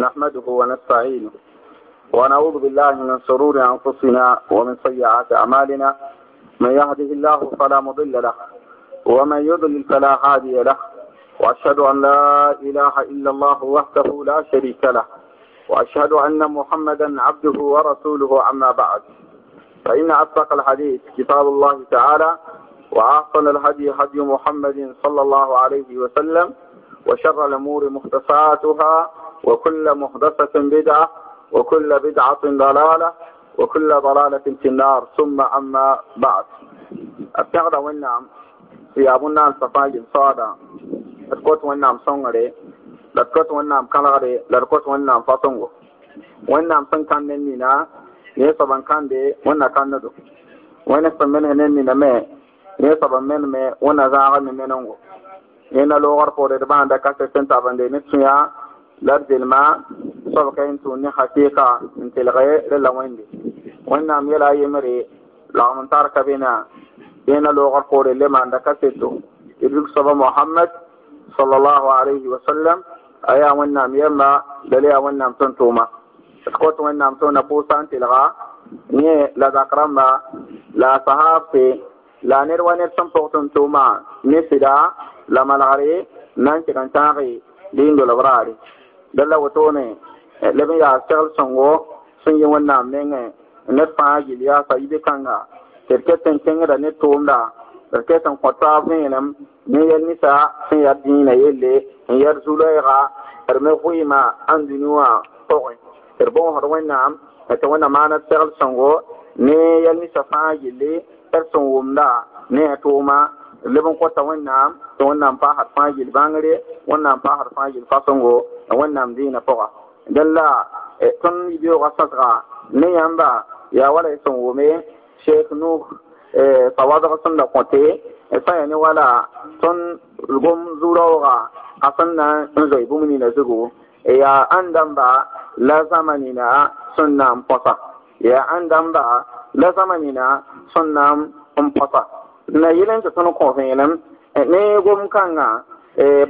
نحمده ونستعينه ونعوذ بالله من شرور أنفسنا ومن سيئات أعمالنا من يهده الله فلا مضل له ومن يضلل فلا هادي له وأشهد أن لا إله إلا الله وحده لا شريك له وأشهد أن محمدا عبده ورسوله عما بعد فإن أصدق الحديث كتاب الله تعالى وأحسن الهدي هدي محمد صلى الله عليه وسلم وشر الأمور مختصاتها وكل محدثة بدعة وكل بدعة ضلالة وكل ضلالة في النار ثم أما بعد أبتغد والنعم في أبونا الصفاج صادا أتكوت والنعم صنغري لتكوت والنعم كالغري لتكوت والنعم فاطنغو والنعم صنكان نمينا نيصبا كان دي وانا كان ندو ونصب منه نمينا مي نيصبا من مي وانا زاغا من منغو ina logar pore da ban da kasa senta bande لابد الماء صبك انتو ني حقيقة انت الغير للا ويندي وانا ميلا يمري لغم انتارك بنا بين لوغر قول لما عندك سيتو يدرك صبا محمد صلى الله عليه وسلم ايا وانا ميلا لليا وانا متنتوما تقوت وانا متونا بوسا انت الغا ني لا ذكرما لا صحابتي لا نر ونر سمبوتن توما نسدا لما الغري نانتي كنتاغي دين دولبراري dala wato ne eh, labin ya sel sango sun yi wannan menge ne fa ya fa ibe kanga terketen da ne tonda terketen kwata nan ne yel nisa sun ya dina yelle in yar zulaira arme huima an to toqi terbon har wannan ta wannan na sel sango ne yel nisa fa gille terson wumda ne ma lebin kwata wannan to wannan fa har fa gil bangare wannan fa har fa fa sango wannan dina poga dalla e, tun biyo ga sasra ne yamba ya wala e son wome sheikh nuh e, fawada ga sun da kote sai ne wala tun gom zurawa asan na zai bumni na zugo ya an ba la zamani na sunnan posa ya an ba la zamani na sunnan posa na yilan ta sun kofin yilan ne gum kanga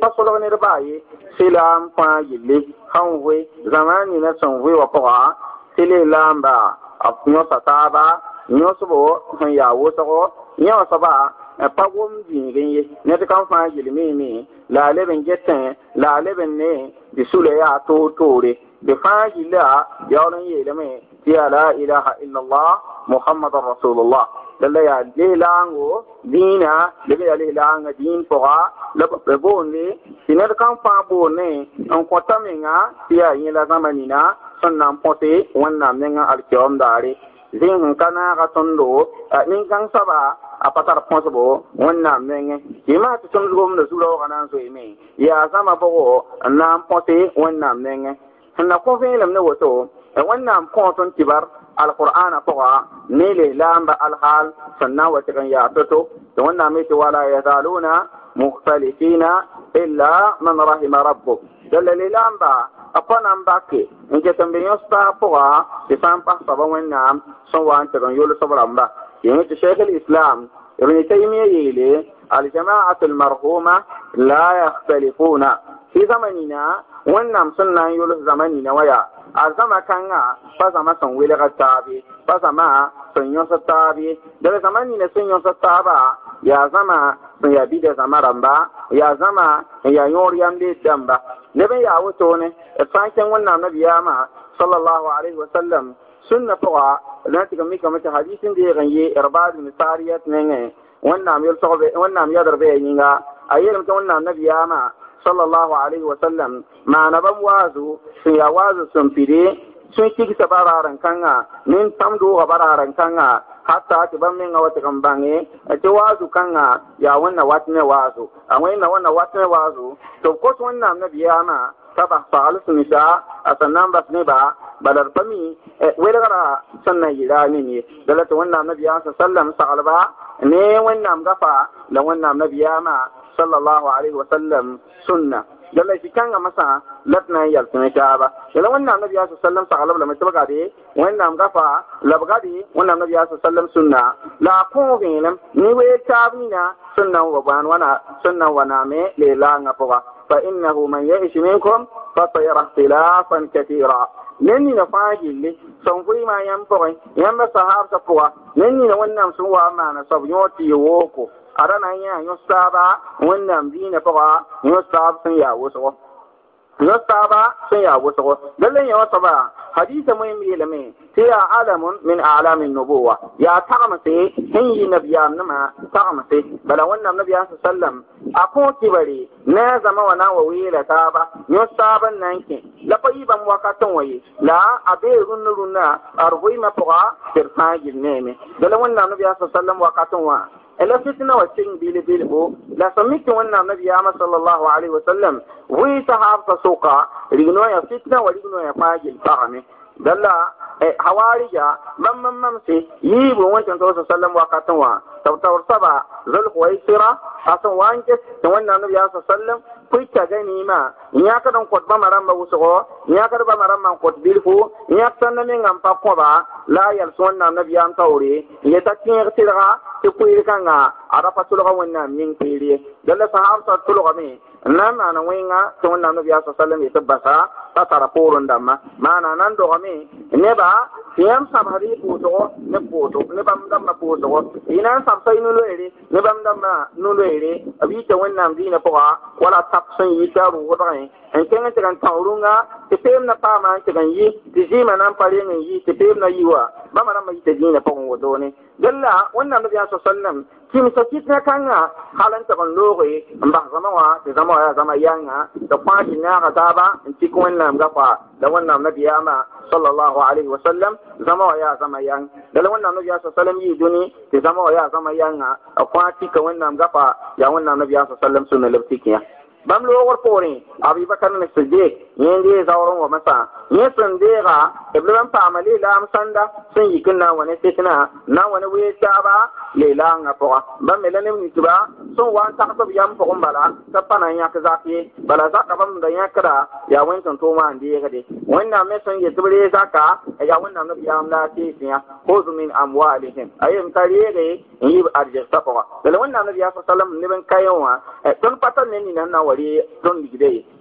pasolo ne ba yi silam pa yili hanwe zamani na sanwe wa kwa sile lamba apunyo sataba nyosobo han ya wosogo nyawa saba pagom jingin ye ne ta kan fa yili mi mi la leben jetten la leben ne di sule ya to tore bi fa yila yawon yele me ti ala ilaha illallah muhammadar rasulullah Lè lè ya lè lè ango, di yina, lè lè ya lè lè ango, di yin fora, lè bonne, si nè lè kan pa bonne, an kwa tamen a, si ya yin la zanmanina, son nan ponte, wan nan men a al kiyom dare. Zin kan a raton do, a nin gang saba, apatar ponte bo, wan nan men. Si ma, ti son loum nou zoulou kan an zowe men, ya zanman voko, nan ponte, wan nan men. An nan konvenye lèm nou wato, wan nan ponte yon kibar, القران طغى ميلي لام الحال سنا وتكن يا تتو تمنى ميت ولا يزالون مختلفين الا من رحم ربك جل لام با افن ام باكي ان جت بن يوسف طغى يسام با سبا وينام سو وان تكن يولي سبر ام با ينت شيخ الاسلام ابن تيميه يلي الجماعه المرحومه لا يختلفون في زمننا وانام سنان يولي زمننا ويا a zãma kãngã pa zãma sẽn welga taabe pa zãma sẽn yõs taabe dẽb ne son sẽn sa taaba ya zãma sẽn ya bida zãma zama yaa zãma n yaa yõor yam leed dãmba neb n yaa wotone d fãa n kẽng wẽnnaam ma sallallahu alaihi wasallam sũnnã pʋga d na tɩg mikame tɩ hadis n deeg n ye rbaad bn sariyat nengẽ wẽnnaam yadr bɩ a yɩlm tɩ wẽnnaam nabiyaamã sallallahu alaihi wasallam ban wazu sun ya wazu sun fide sun kikisa bararen kanga min tamdo ga bararen kanga hatta ake ban min wata kan a ce wazu kanga ya wannan watne wazu a wannan wannan watne wazu to ko wannan na biyana fa salisu nisa a sannan ba ne ba balar fami e, welgara sannan yi ne ne dalata wannan nabiya sallam sa'alba ne wannan gafa da wannan biya ma sallallahu alaihi wa sallam sunna yalla shi kanga masa latna yal tun kaaba yalla wannan annabi ya sallam sa galaba mai tabaka de wannan gafa labgadi wannan annabi ya sallam sunna la ko binam ni we tabina sunna wa ban wana sunna wana me le la ngapa fa innahu man ya'ish minkum fa sayara ikhtilafan katira nan ni na fagi le son kuyi ma yan pore yan ba sahaba pora nan ni na wannan sun wa mana sabu yoti woko ada na n yãa yõ-soaba wẽnnaam dĩinã pʋga yõ-soab sun yaa wʋsgo yõ-soaba sẽn yaa wʋsgo dal n yõ-soaba hadiisa mõem yeelame tɩ yaa alamun min alami nubuwa yaa tagemse sẽn yɩ nabiyaam nima tagemse bala wannan nabiya su sallam a kõ kibare ne a na zama wa nawa taaba yõ-soab n na n kẽ la pa yɩ bãmb wakat n la a bee rũnd rũndã ad goɩɩmã pʋga tɩ d fãa dala wẽnnaam nabiyaam sa sallam wakat wa. ela fitna wa cin bili bili bo la samiti wannan nabi ya sallallahu alaihi wasallam wi sahabta soka rigno ya fitna wa rigno ya fagil fahame dalla hawarija mam mam mam se yi bo wancan to sallallahu wakatan wa tawtawar saba zul khuwaisira asan wanke wannan nabi ya sallallahu coward ni ma dan kot ba marmbawuso nyakar ba marmma kot birku san ngampa kwaba la yalswan na na vyanta oruretas ra tekukan nga ara patul ga we na mi y sa amst na na we nga te na na vyasa sal teba ta poru ndamma mana nandome neba ti sam put nepotuk ne bandamma an sampai nu nebamndamma nure we nazi na kwawala. sak sẽn yi t'a rʋʋdgẽ n kẽng tɩg n tãg rũngã tɩ peem na paama n tɩg n yɩ tɩ zɩɩmã na n pa reng n mai ta peem na yi wa bãmba rãmbã yita dĩinã pʋgẽ wodone gella wẽnnaam nabiyã sa sallam kɩmsa kɩtnã kãngã hal n tɩg n looge n bas zãma wã tɩ zãma wã yaa zãma yãngã tɩ kõa tɩ naaga taaba n tɩk wẽnnaamga pa la wẽnnaam nabiyaamã sal llahu wa wasallam zama wã yaa zãma yãng la la wẽnnaam nabiyã sa sallam yɩɩ dũni tɩ zãma wã yaa zãma yãngã a kõa tɩka wẽnnaamga pa yaa wẽnnaam nabiyã sa sallam sunan lafiya bãmb loogr abi abubakar ne sidik yẽ dee zaoorẽ wã masã yẽ sẽn deega b leb n paama sun sãnda sẽn yik n na n wa ne fɩtnã na n wa ne weel taaba leelaangã pʋga bãmb me la neb ninsba sẽn wa n tagsb yam pʋgẽ bala t'a pa na n yãk zak ye bala zakã bãmb da yãkda yaa wẽnd sẽn tʋʋmã n deegde wẽnnaam me sẽn yetb ree zakã yaa wẽnnaam neb yaam la a teesẽ yã huz min amwalihim a yem t'a reege n yɩ arjɩgsã pʋga bala wẽnnaam neb yaa sa salam neb n ka yẽ wã eh, tõnd ne ni n na wari don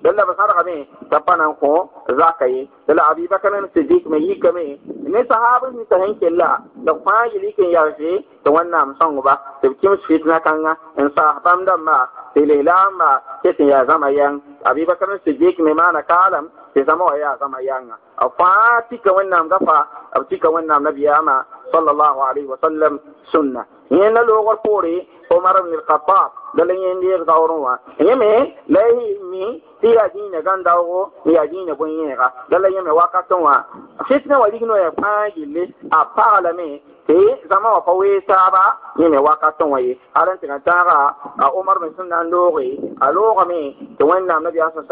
don da basar kame tapana ko zakai da abubakar ne sidik mai yi kame ne sahabu ni ta hanke la da fa likin ken da wannan musan ba da kim na kanga in sahabam da ma sai leila ma ya zama yan abubakar sidik mai mana kalam يزما ويا زما يانا أفاتك وإنام غفا أفتك وإنام نبي أما صلى الله عليه وسلم سنة ين لوغر بوري عمر بن الخطاب دلين يندير دوروا يمي لا يمي iya dine ganda wo iya dine bon yega dala yeme wakato wa fitna wali gino ya pangile a parlame te zama wa fa wesa ba yeme wakato wa ye aran tinga tara a umar bin sunna lore a lore me te wanda nabi sallallahu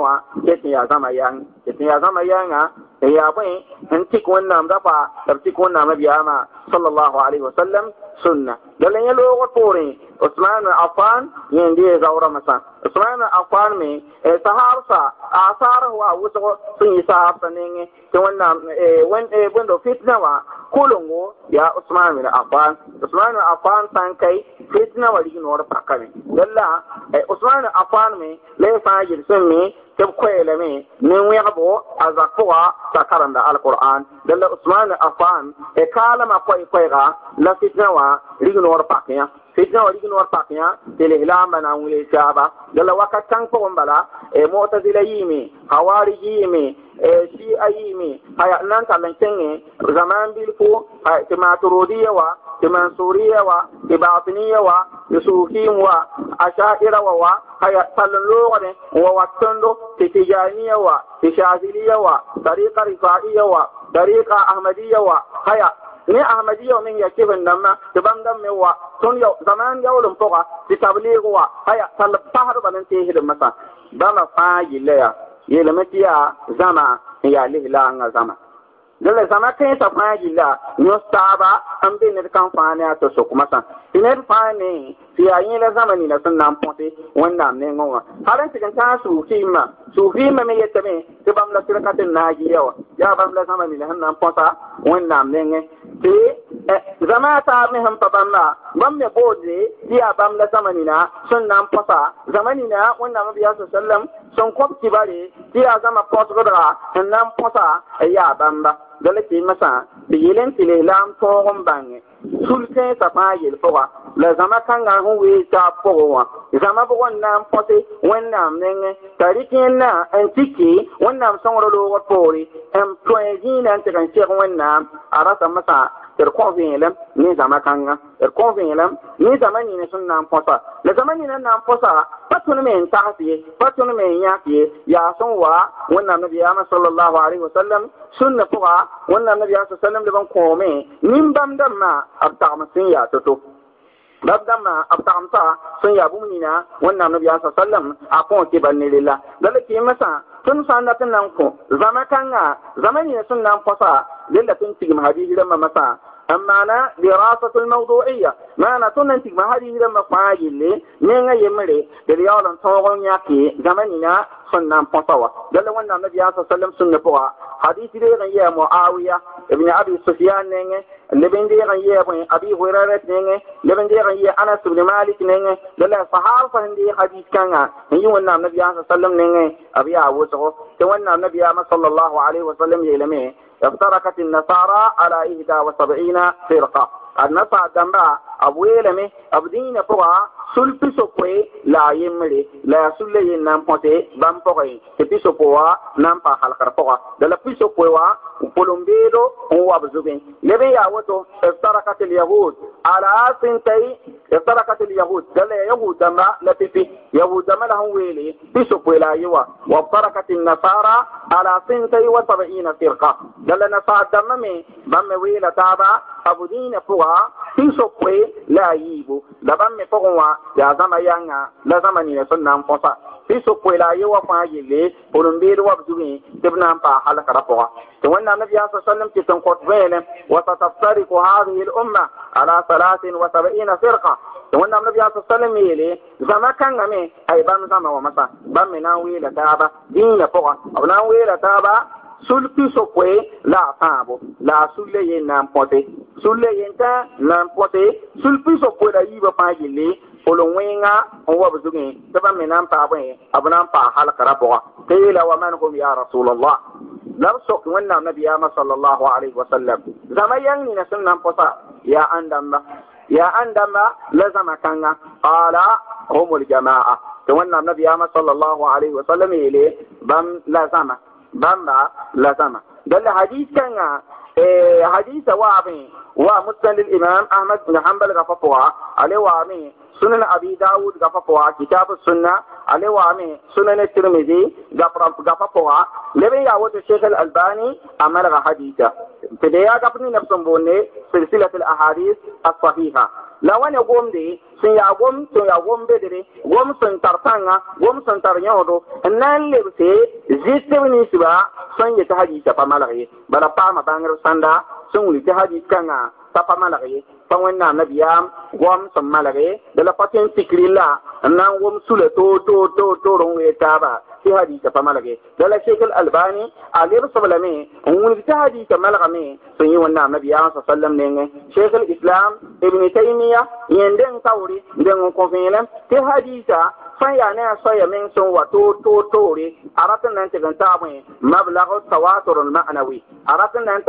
alaihi wa ke ya zama yan ke ya zama yanga ya bai in tik wannan da fa tabtik wannan nabi ama sallallahu alaihi wasallam sunna dolen yelo ko tore usman afan yende zaura masa usman afan me e saharsa asar wa wuso sun yi saharsa ne ke eh, wannan e wanda e fitna wa kulungo ya usman min afan usman afan san kai fitna wa rigin war pakare dalla usman afan me le fajir sun tɩ b koɛɛlame nin-wẽgbo a zak pʋga t'a karenda alkur'an dala usman afan e kaalama koɛ koɛɛga la fitnã wã rigin war pakya fitna wa rigin war pakya tele hilama na wule shaba dala waka kan ko bala e mu'tazila yimi hawari yimi e shi ayimi haya nan talan kenge zaman bil ko ti wa ti mansuriya wa ti wa ti wa asha'ira wa wa haya talan logane wa wattando ti tijaniya wa tishaziliya wa tariqa rifaiya wa tariqa ahmadiya wa haya ne yau min ya kibin nan ma ti bangan mai wa tun yau zaman yawlin poka ti tabligu wa haya tal bahar banan te hidin masa bama fa yilaya yelmatiya zama ya lihla nga zama lala zãma tẽesa fãa yilla yõs-taaba n be ned kãn fãa ne a to-so kuma sã tɩ ned fãa ne tɩ yaa yẽla zãma nina sẽn na n põte wẽnnaam nengẽ wã hal n tɩg n tãag suufɩɩmã suufɩɩmã me yetame tɩ bãmb la sɩrka tɩ n naag yɩa wa yaa bãmb la zãma nina sẽn na n põta eh, wẽnnaam nengẽ tɩ zãma taab me sẽn pa bãmba bãmb me boodre tɩ yaa bãmb la zãma nina sẽn na n põta zãma nina wẽnnaam b yaa sa sallam sun kwab kibare ti ya zama posgodra nan posa ya bamba dole ti masa bi yelen ti le lam togon bange sulke ta pa yel poga la zama kanga hu we ta pogo zama bo wannan pose wannan nenge tarikin na antiki wannan songro lo wa pori employee nan ta kan shi wannan arasa masa d kõvẽelame ne zama kanga d kõvẽelame ne zãma nina sẽn sun nan fosa la zama ni nan nan fosa patun me en tags ye pa tõnd me n yãk ye ya sẽn wa wẽnnaam nabiyaamã salallahu alaihi wasallam sũnnã pʋga wẽnnaam nabiyaam sa sallam leb n kõome nin-bãmb-dãmbã b tagem sẽn yaa to-to bab dam b tagemsa sẽn sun ya bumni na wannan nabi sallam a alaihi wasallam ne rela la la kɩɩmã san tõnd sã n dat n na n kõ zãma kãngã zãma nina sẽn na n põsa rela tõnd tigim أما أنا دراسة الموضوعية ما أنا تنتج ما هذه لما قايل لي من مري يمري بريال صوغن يكي زمننا سنة فتوى دل وانا النبي صلى الله عليه وسلم سنة فوا حديث دي يا معاوية ابن أبي سفيان نيني لبن دي يا أبي هريرة نيني لبن دي يا أنس بن مالك نيني دل صحابة هندي حديث كان هي وانا النبي صلى الله عليه وسلم نيني أبي عوزه تونا النبي صلى الله عليه وسلم يلمي افترقت النصارى على 71 فرقة النصارى جمعها abuelame abdina poa sul pisopoe la yemre la sulle yen nan pote bam poe te pisopoa nan pa halkar poa da la pisopoa polombedo on wabzubin lebe ya wato istarakat al yahud ala sintai istarakat al yahud da la yahud ma la pipi yahud ma lahum wele pisopoe la yiwa wa istarakat al nasara ala sintai wa sab'ina firqa da la nasara damma me bam wela taba abdina poa tɩ sokwe la a yiibu la bãmb me pʋgẽ wa ya zama yanga la zama ni sẽn na n kõsa tɩ sokwe la a ye yele fãa yelle pʋrẽn-beed wa b zugẽ tɩ b na n to halgrã pʋga tɩ wẽnnaam nabiyaa sa sallam tɩ sẽn kõt vɛɛlẽ wa sataftariku hadihi lumma ala salatin wa sabaina firqa tɩ wẽnnaam nabiyaa sa sallam yeele zãma kãngame ay ban zama wa masã ban me na n weela taaba dĩinã pʋga b na n weela taaba sul so kwe la pambo la sul le yen nan pote sul le yen ta nan pote sul so kwe la yiba pa yille polo wenga on wa buzungi taba menan pa bwe abunan pa halakara bwa qila wa man hum ya rasul rasulullah lam sok wannan nabi ya sallallahu alaihi wasallam zama yang ni nasun nan posa ya andamba ya andamba la zama kanga qala humul jamaa to wannan nabiya ma sallallahu alaihi wasallam ile bam la bamba la sama dal hadis kanga eh hadis wa abi wa musnad al imam ahmad bin hanbal gafafwa ale wa ami sunan abi daud gafafwa kitab sunna ale wa ami sunan tirmidhi gafafwa lebe ya wato sheikh al albani amal ga hadisa tede ya gafni nafsun bonne silsilat al ahadith as sahiha la wane gomde sun ya gom sun ya gom bedere gom sun tartanga gom sun tarnyodo nan lebse zittem ni siba sun yata haji ta pamalare bala pama bangar sanda sun wuli ta kanga ta pamalare pa na na goam gom malge d la pa tẽn la n na n wʋm sula to to to toor n wee taaba tɩ hadiisa pa malge la la sheik l albani a lebsb lame n wilg tɩ hadiisa malgame sẽn yɩ wẽnnaam nabiyaam sa sallam nengẽ sheik l islam ibn taimiya yẽnde n kaoore deng n kõ vẽelem tɩ hadiisa fãn yaa ne a soya meŋ sẽn wa toor toor toore a rat n na n tɩg n taab wẽ mablg tawatur lmanawi a rat n na n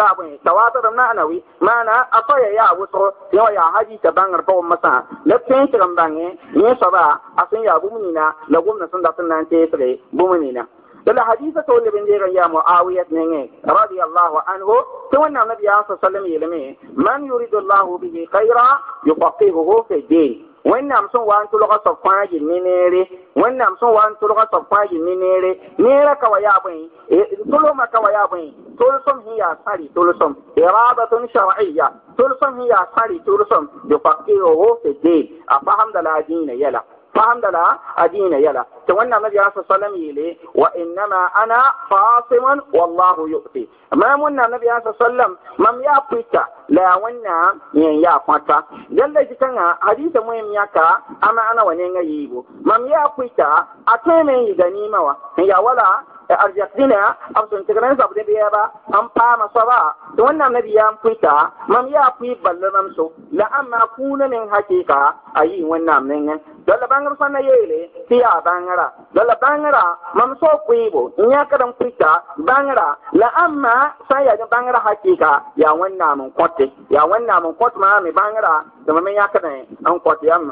tawatur lmanawi maana a soya yaa wʋsg ya ya haji ta bangar pa masa la tin tiran bangi ni saba asin ya bumina la gumna sun da sun nan te sare bumina dala hadisa to lebin de ya mu awiyat ne ne radiyallahu anhu to wannan nabi ya sallallahu alaihi wasallam man yuridu allah bihi khaira yufaqihuhu fi din wẽnnaam sẽn wa n tʋlga sob fãa yɩ ne-neere wẽnnaam sẽn wa n tʋlga sob fãa yɩ ne-neere neera ka wa yaa bõe tʋlgmã ka wa yaa bõe tʋlsem sẽn yaa sãri tʋlsem iradatun shar'iya tʋlsem sẽn yaa sãri tʋlsem yufaqihuhu fi ddin a fahamda la a diinã yɛla فهم فهمدلا أدين يلا تونا النبي عليه الصلاة والسلام يلي وإنما أنا فاصم والله يؤتي ما منا النبي صلى الله عليه وسلم مم يا بيتا لا ونا من يا فتا جل جتنا حديث مهم يكا أما أنا ونين يجيبو مم يا بيتا أتمنى يغني ما يا ولا arjatina ab sun tigran sab de biya an fama saba to wannan nabi ya fuita mam ya fi ballan so la amma kuna min hakika ayi wannan nan lala bangara fãna yele tɩ bangara bãngrã bangara bãngrã mam so kʋɩɩbo n yãkd n pʋɩta bãngrã la ãmma hakika ya wanna mun hakɩɩka ya wanna mun kõte ma mi bangara kõt maame bãngrã tɩ an yãkd am kõt yamb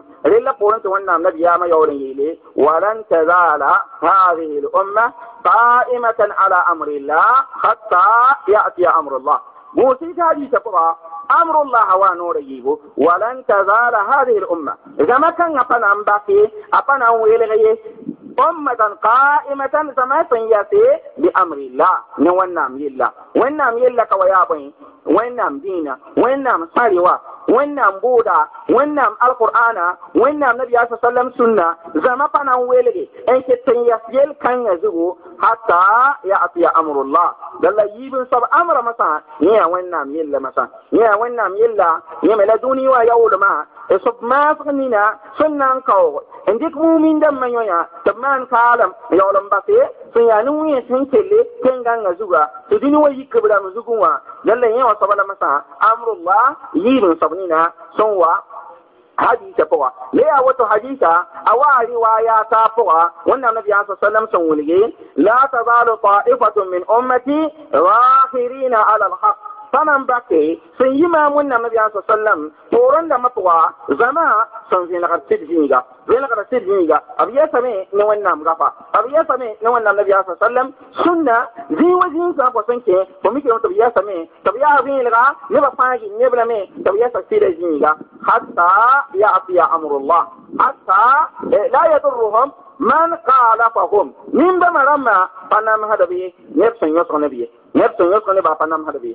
to wanna nabi ya ma yaoor yele waran tazala tazaala al umma قائمة على أمر الله حتى يأتي أمر الله بوسي تاجي تقرا أمر الله ونوره ولن تزال هذه الأمة إذا ما كان أبنا أمباكي أبنا ويلغي أمة قائمة زما سنياتي بأمر الله نوان نام يلا وين نام يلا كويابين wannan dina wannan sarewa wannan boda wannan alqur'ana wannan nabi ya sallam sunna zama fanan welege en ke tan yasel kan yazugo hatta ya atiya amrullah dalla yibin sab amra masa ya wannan milla masa ya wannan milla ni mala duniya ya ulama sab ma e sunna sunnan kawo indik mu'min dan manyoya tamman kalam ya ulam so ya sun wuyen sin kelle zuwa, nga zuga to din wai kibra mu zugun wa yalla yin wa sabala masa amrullah yirin sabnina son wa hadisa fawa le ya wato hadisa awa riwaya ta fawa wannan nabi sallallahu sallam wasallam sun wulige la tazalu ta'ifatu min ummati rahirina ala al-haq panan bake sun yi mamun na mabiya sa sallam horon da matuwa zama sun zai nakar tidhinga zai nakar tidhinga abu ya same ni wannan gafa abu ya same ni wannan nabiya sa sallam sunna zai wajin sa ko san ke ko mike to ya same to ya abin ilga ne ba fagi ne bla me to ya sa tida jinga hatta ya afiya amrullah hatta la yadurruhum man khalafahum min ba marama panam hadabi ne sun yoso ne biye ne sun yoso ne ba panam hadabi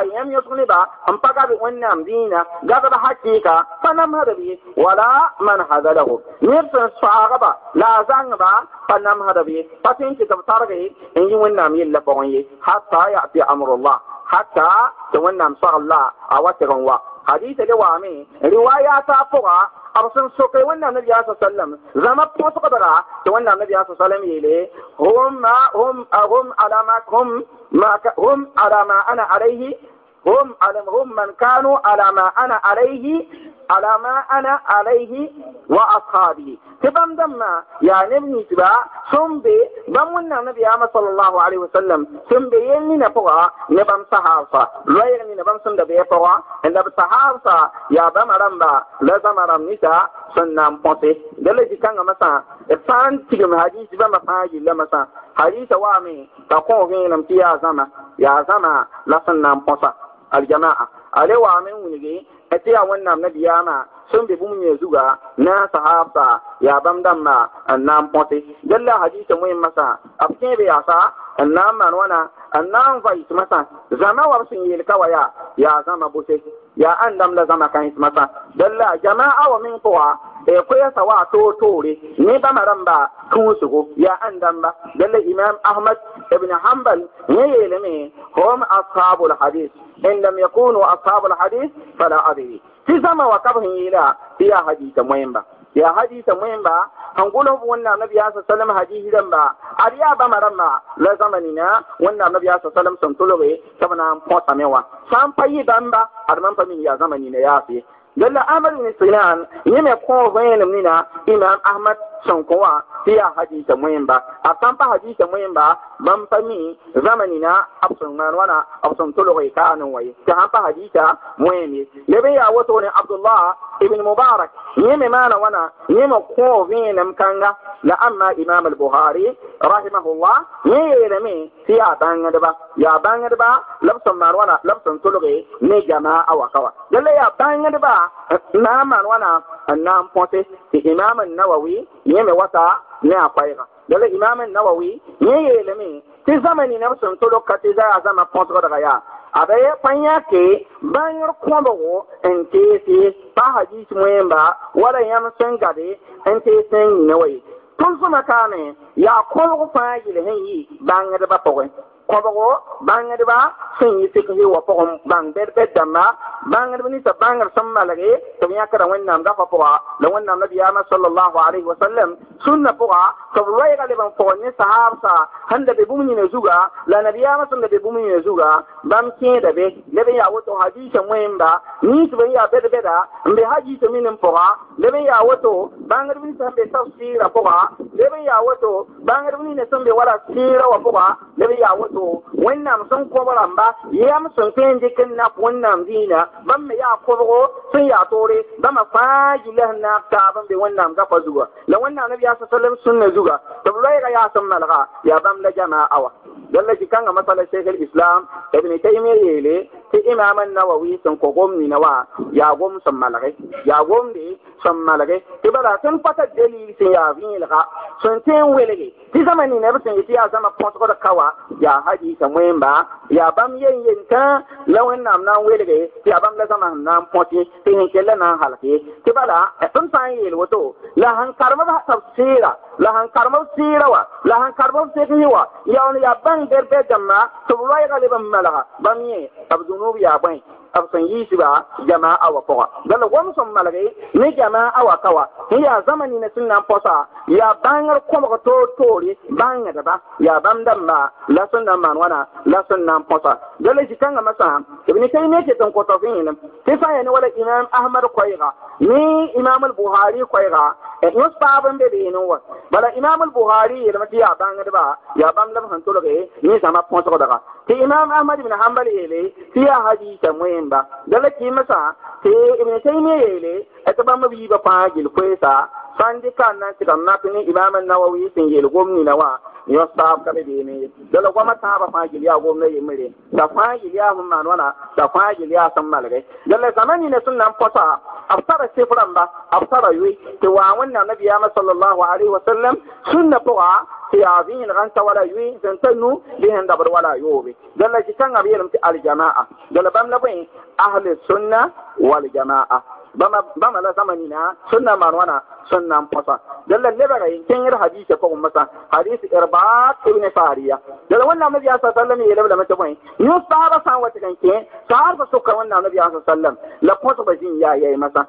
أيام يصلبا أم بقى أم دينا قبل حقيقة فنم هربي ولا من هذا له نفس سعاقبا لا زنبا فنم هربي فتنك تبترغي إن يونام يلا بغني حتى يأتي أمر الله حتى تونام صغلا أوتغن وا حديث لوامي رواية فوقا أرسل سوقي ولا النبي صلى الله عليه وسلم زمان بوس قدرة تقول النبي صلى الله يلي هم هم هم على ما هم ما هم على ما أنا عليه هم على هم من كانوا على ما أنا عليه على ما أنا عليه وأصحابه تبم دمنا يا نبني تبا بي بمنا نبي آمد صلى الله عليه وسلم ثم بي يلني نبغى نبم صحابة لا لوير نبم بي يبغى عند صحابة يا بم رمبا لازم رم نسا سنن بوتي دل كان مسا فان تجم حديث بما فاجي لمسا حديث وامي تكون غينم تيا زما يا زما لا سنن الجماعه ale وامي ونجي ati a wẽnnaam nabiyaamã sẽn be bũmb zuga ne na sahaba ya dala hadiisa wẽn masã b kẽebe yaasa n na n maan wãna n na n vaɩs masã zãma wa b sẽn yeel ka wa yaa yaa يا أندم لازم أكان اسمها دلا جماعة ومن قوة أقوى إيه، سواء توري نبى مرمبا كوسو يا أندم دلا إمام أحمد ابن حنبل نيلمي هم أصحاب الحديث إن لم يكونوا أصحاب الحديث فلا أدري في زمان وقبه إلى في حديث مهم ya hadisa muhim ba hangulo wannan nabi ya sallam hadisi dan ba ariya ba maramma la zamani na wannan nabi ya sallam sun tulobe na pota mewa san fayi dan ba arman pamin ya zamani na fi, dalla amr ibn sinan yeme ko bayanin nina imam ahmad sẽn kõ wã tɩ haji ta moẽmba b sã n pa hadiisa moẽmba bãmb pa mi zãma nina b sẽn maan wãna b sẽn tolg y kaan n wa ye tɩ sãn pa hadiisa moẽm ye leb n yaa woto ne abdullah ibn mubarak yẽ me maana wãna yẽ ko kõo vẽenem kãnga la amma imam al-buhari rahimahullah yẽ yeelame tɩ yaa bãngdba yaa bãngdba la b sẽn maan wãna la b sẽn tolge ne jamaa waka wa dala yaa bãngdba n na n wãna n na n põse tɩ imam an-nawawi nye me wata ne a kwaiga dole imamin nawawi nye ye lemi ti zamani na sun to lokati za a zama ponto daga ya abe ye panya ke ban yor kwamba go en te se pa haji mwemba wala yam sun gade en te sen nawawi tun suma kane ya kwamba ko fa yi le hen yi da ba pokoi kõbgo bãngdbã sẽn yɩ tɩkse wa pʋgẽ bãng bɛd dãmba bãngdb ninsã bãngr sẽn malge tɩ b yãkda wẽnnaam gafã pʋga la wẽnnaam nabiyaamã salallahu alaihi wasallam sũnnã pʋga tɩ b loɛɛga leb n pʋgd ne sahaabsã sẽn da be bũmb yĩnã zuga la nabiyaamã sẽn da be bũmb yĩnã zuga bãmb kẽeda be leb n yaa woto hadiisã wẽemba ninsb n yaa bɛd-bɛda n be hadiisã min n pʋga leb n yaa woto bãngdb ninsã sẽn be tabsɩɩrã pʋga leb n yaa woto bãngdb nina sẽn be wala sɩɩrã wã pʋga leb n yaa woto to wannan sun kobaran ba yam sun kin dikin na wannan zina ban me ya kobo sun ya tore ba ma faji lahna ta ban bi wannan ga fa zuwa la wannan nabi sallallahu sunna zuwa to bai ga ya san malaka ya ban da jama'a wa dalla ki kanga masalan shaykh islam ibn taymiyyah yele ti imam an-nawawi sun ko gomni nawa wa ya gom sun malaka ya gom de sun malaka ti sun fata dalili sun ya vinilga sun tin welege ti zamani ne ba sun yi ya zama kon da kawa ya haji ka mwemba ya bam yen yen ka law en nam nan welge ti abam la sama nan poti ti ni kella nan halke ti bala e tun san yel woto la han karma ba tafsira la han karma sira wa la han karma ni wa ya on ya ban gerbe jamma to wa ya galiban malaha bam ye abdunubi ya ban b sẽn yiisba jamaa awa pʋga bala gom sẽn malge ne jamaa awa kawa, ne ya yaa zãma nina posa ya bangar pɔsa yaa bãngr kõbg toor toore bãngdba yaa bãmb dãmba la sẽn na n maan wãna la sẽn na n pɔsa bala zĩ-kãngãmã sã ne ke me tɩ tɩn kotf yẽnem tɩ fã ne wala imam ahmad koɛɛga ne imam al-buhari koɛɛga yõs paab n be b yẽnen wa bala imam al-buhari yeelame tɩ yaa bãngdba yaa bãmb la b sẽn tolge ne zãma põsgdga ti imam ahmad ibn hanbal yele ti ya haji ta muyin ba dala ki masa ti ibn taymiya yele ta ba mabi ba kwa gil kwesa sandi kan nan ti kan na tuni imam an-nawawi sin yel gomni na wa yõ saab ka me beeme dala goama tãabã fãa yel yaa gomda yembre t'a fãa yel yaa sẽn maan wãna t'a fãa yel yaa sẽn malge dala zãma nina sẽn na n pɔsa b tara sef rãmba b tara yoe tɩ waa wẽnnaam nabiyaamã salallahu alaihi wasallam sũnna pʋga tɩ yaa vẽenegã n ta wala yoe sẽn ta nu bɩ sẽn dabd wala yoobe dala zĩ-kãngã b yeelame tɩ aljamaa dala bãmb la bõe ahl sunna waljamaa bama bama la zamani na sunna marwana sunna pasa dalla lebara yin kin yar hadisi ko ummata hadisi irbat ibn fariya dalla wannan nabi ya sallallahu alaihi wasallam ne tabai yun sahaba san wata kan ke sahaba su kan wannan nabi ya sallallahu la ko ba jin ya yayi masa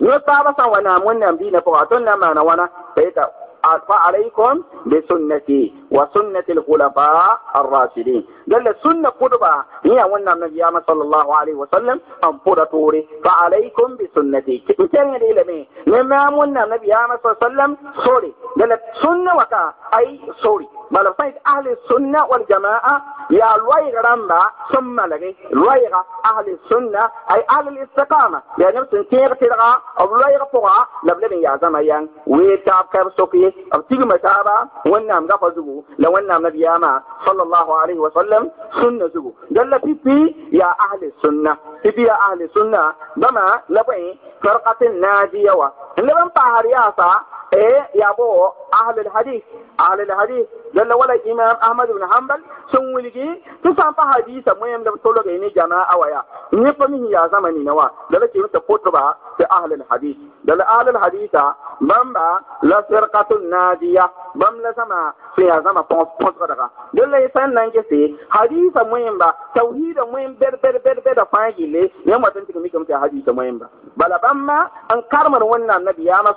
yun sahaba san wannan mun nan bi na fa to na mana wana sai ta أطفى عليكم بسنتي وسنة الخلفاء الراشدين قال السنة قدبة هي وانا من جامع صلى الله عليه وسلم أم قدتوري فعليكم بسنتي كان يلي لمي لما وانا من جامع صلى الله عليه وسلم سوري قال السنة وكا أي سوري بل فايد أهل السنة والجماعة يا الويغ رمبا ثم لغي الويغ أهل السنة أي أهل الاستقامة لأنه سنتيغ تلغى أو لويغ فغى لبلبن يا زميان ويتاب كيف سوكي b masaba wannan am gafa zugu la wẽnnaam nabiyaamã sallallahu alaihi wa sallam sunna zugu dalla pipi ya ahli sunna pipi ya ahli sunna bama labai farqatin farkatin naadiya fahariya sa eh yabo ahlul hadith ahlul hadith lalla wala imam ahmad ibn hanbal sun wilgi to san fa hadisa mu yam da tolo ga jama'a waya ni fa min ya zamani na wa lalla ke ta foto ba ta ahlul hadith lalla ahlul haditha bamba la firqatun nadiya bam la sama sun ya zama pons pons daga lalla san nan ke se hadisa mu yam ba tauhida mu yam ber ber ber ber da fa gile ne matan ba an karmar wannan nabiyama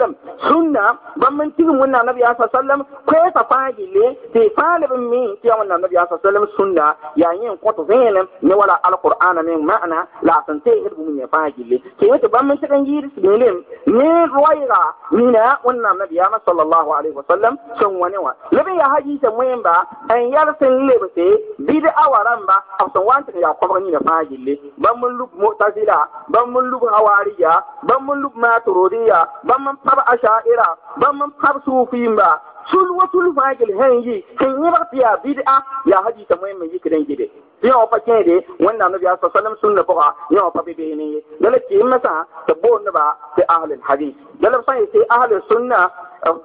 sallam sunna ban man tigin wannan annabi ya sallam ko ta fagi le te falibin mi ti wannan annabi ya sallam sunna ya yin ko to zainin ne wala alqur'ana min ma'ana la san te hirbu min ya fagi le ke wata ban man tigin yiri silim ne ruwaira mina wannan annabi ya sallallahu alaihi wasallam sun wani wa labin ya haji ta muyin ba an yar sun lebete bidi awaran ba a san wanta ya ni da fagi le ban mun lub mu'tazila ban mun lub hawariya ban mun lub maturodiya ban mun قب أشائرة بمن قب سوفين سلوة الفاجل هنجي هنجي بقت يا بدعة يا هدي تموين من يكرين جدي يا أبا كيني وين نحن بيا سلام سنة بقى يا أبا بيبيني دل كيم مسا تبون با تأهل الحديث دل بسا يتأهل السنة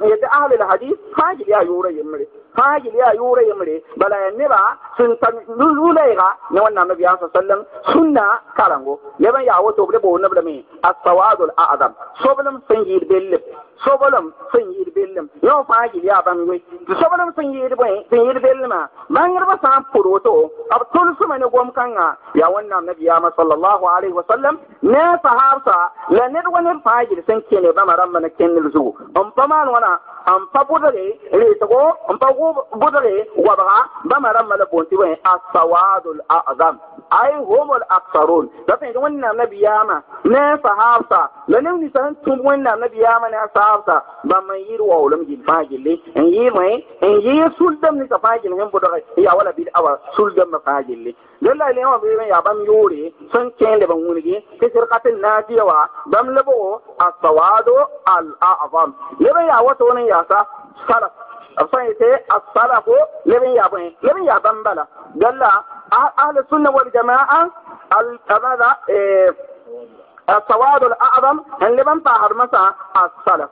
يتأهل الحديث فاجل يا يورا يمري hajil ya yura yimre bala ya neba sun tan lulai ga ne wannan nabi sallallahu alaihi wasallam sunna karango yaban ya wato bude bo nabda me as-sawadul a'zam soblum sun yi bellip sobolum sun yi bellum yau fa yi ya bangwe to sobolum sun yi bwe sun yi belluma bangar ba san puroto ab tul su mane gom kanga ya wannan nabi ya ma sallallahu alaihi wasallam ne sahabsa la ne wani fa yi sun kene ba maran mana kenne zu on pa man wana an pa budare re to go an pa go budare wa ba ba maran mala bonti bwe as-sawadul a'zam ay humul aktharun da fa wannan nabi ya ma ne sahabsa la ne ni san tum wannan nabi ya ma ne sa sabta ba mai yi ruwa ulam ji fagile in yi mai in yi suldam ni ka fagile hen kai ya wala bid awa suldam ma fagile dalla le wa be ya ban yore son kende ban wuni ke shirkatin najiya wa bam labo asawado al a'zam le ya wato ne ya sa salaf afan ite asalafu lebin ya bane lebin ya ban bala dalla ahli sunna wal jamaa al kamada eh السواد الأعظم اللي بنطهر مسا السلف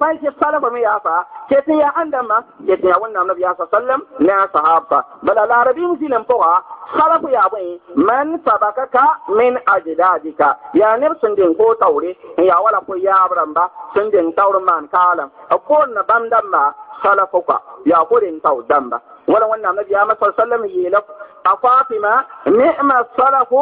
فايك السلف مياسا كتنيا عندما كتنيا ونا النبي صلى الله عليه وسلم لا صحابة بل العربي مسلم طوها سلف يا بني من سبقك من أجدادك يا نب سندين كو توري يا ولا كو يا برمبا سندين تور مان كالم أكون بندما سلفك يا كورين تو دمبا ولا ونا النبي صلى الله عليه وسلم يلف أفاطمة نعم السلف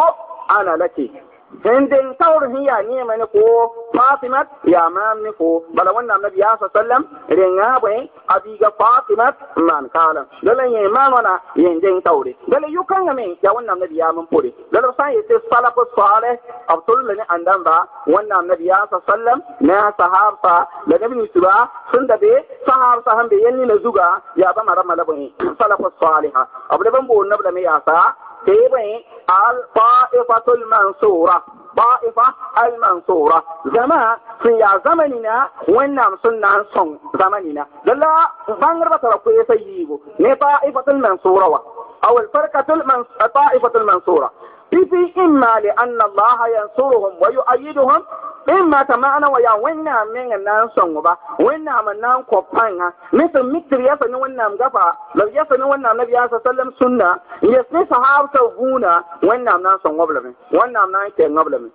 أنا لك hindin saurin hiya ne mani ko Fatima ya mamni ko bala wannan annabi ya sallam ringa bai abiga fatimat man kala dole yin man wana yin din taure dole yukan ga me ya wannan annabi ya mun pore dole sai yace salafu salih abdullah ne andan ba wannan annabi ya sallam na sahaba da nabi suba sun da be sahaba sahan yanni na zuga ya ba maramala bai salafu salih abu da ban bo nabi da me ya sa تيبين الطائفة المنصورة طائفة المنصورة زمان في زمننا ونعم سنة سن زمننا دلا بانغر بتركوا يسيبوا نطائفة المنصورة أو الفرقة المنص... طائفة المنصورة به إما لأن الله ينصرهم ويؤيدهم إما تمعنا ويا وينا من النان سنوبا وينا من النان كوبانا مثل مثل يسن وينا مغفا لو يسن وينا النبي صلى الله عليه وسلم سنة يسن صحابة وغونا وينا من النان سنوبا لمن وينا من النان كنوبا لمن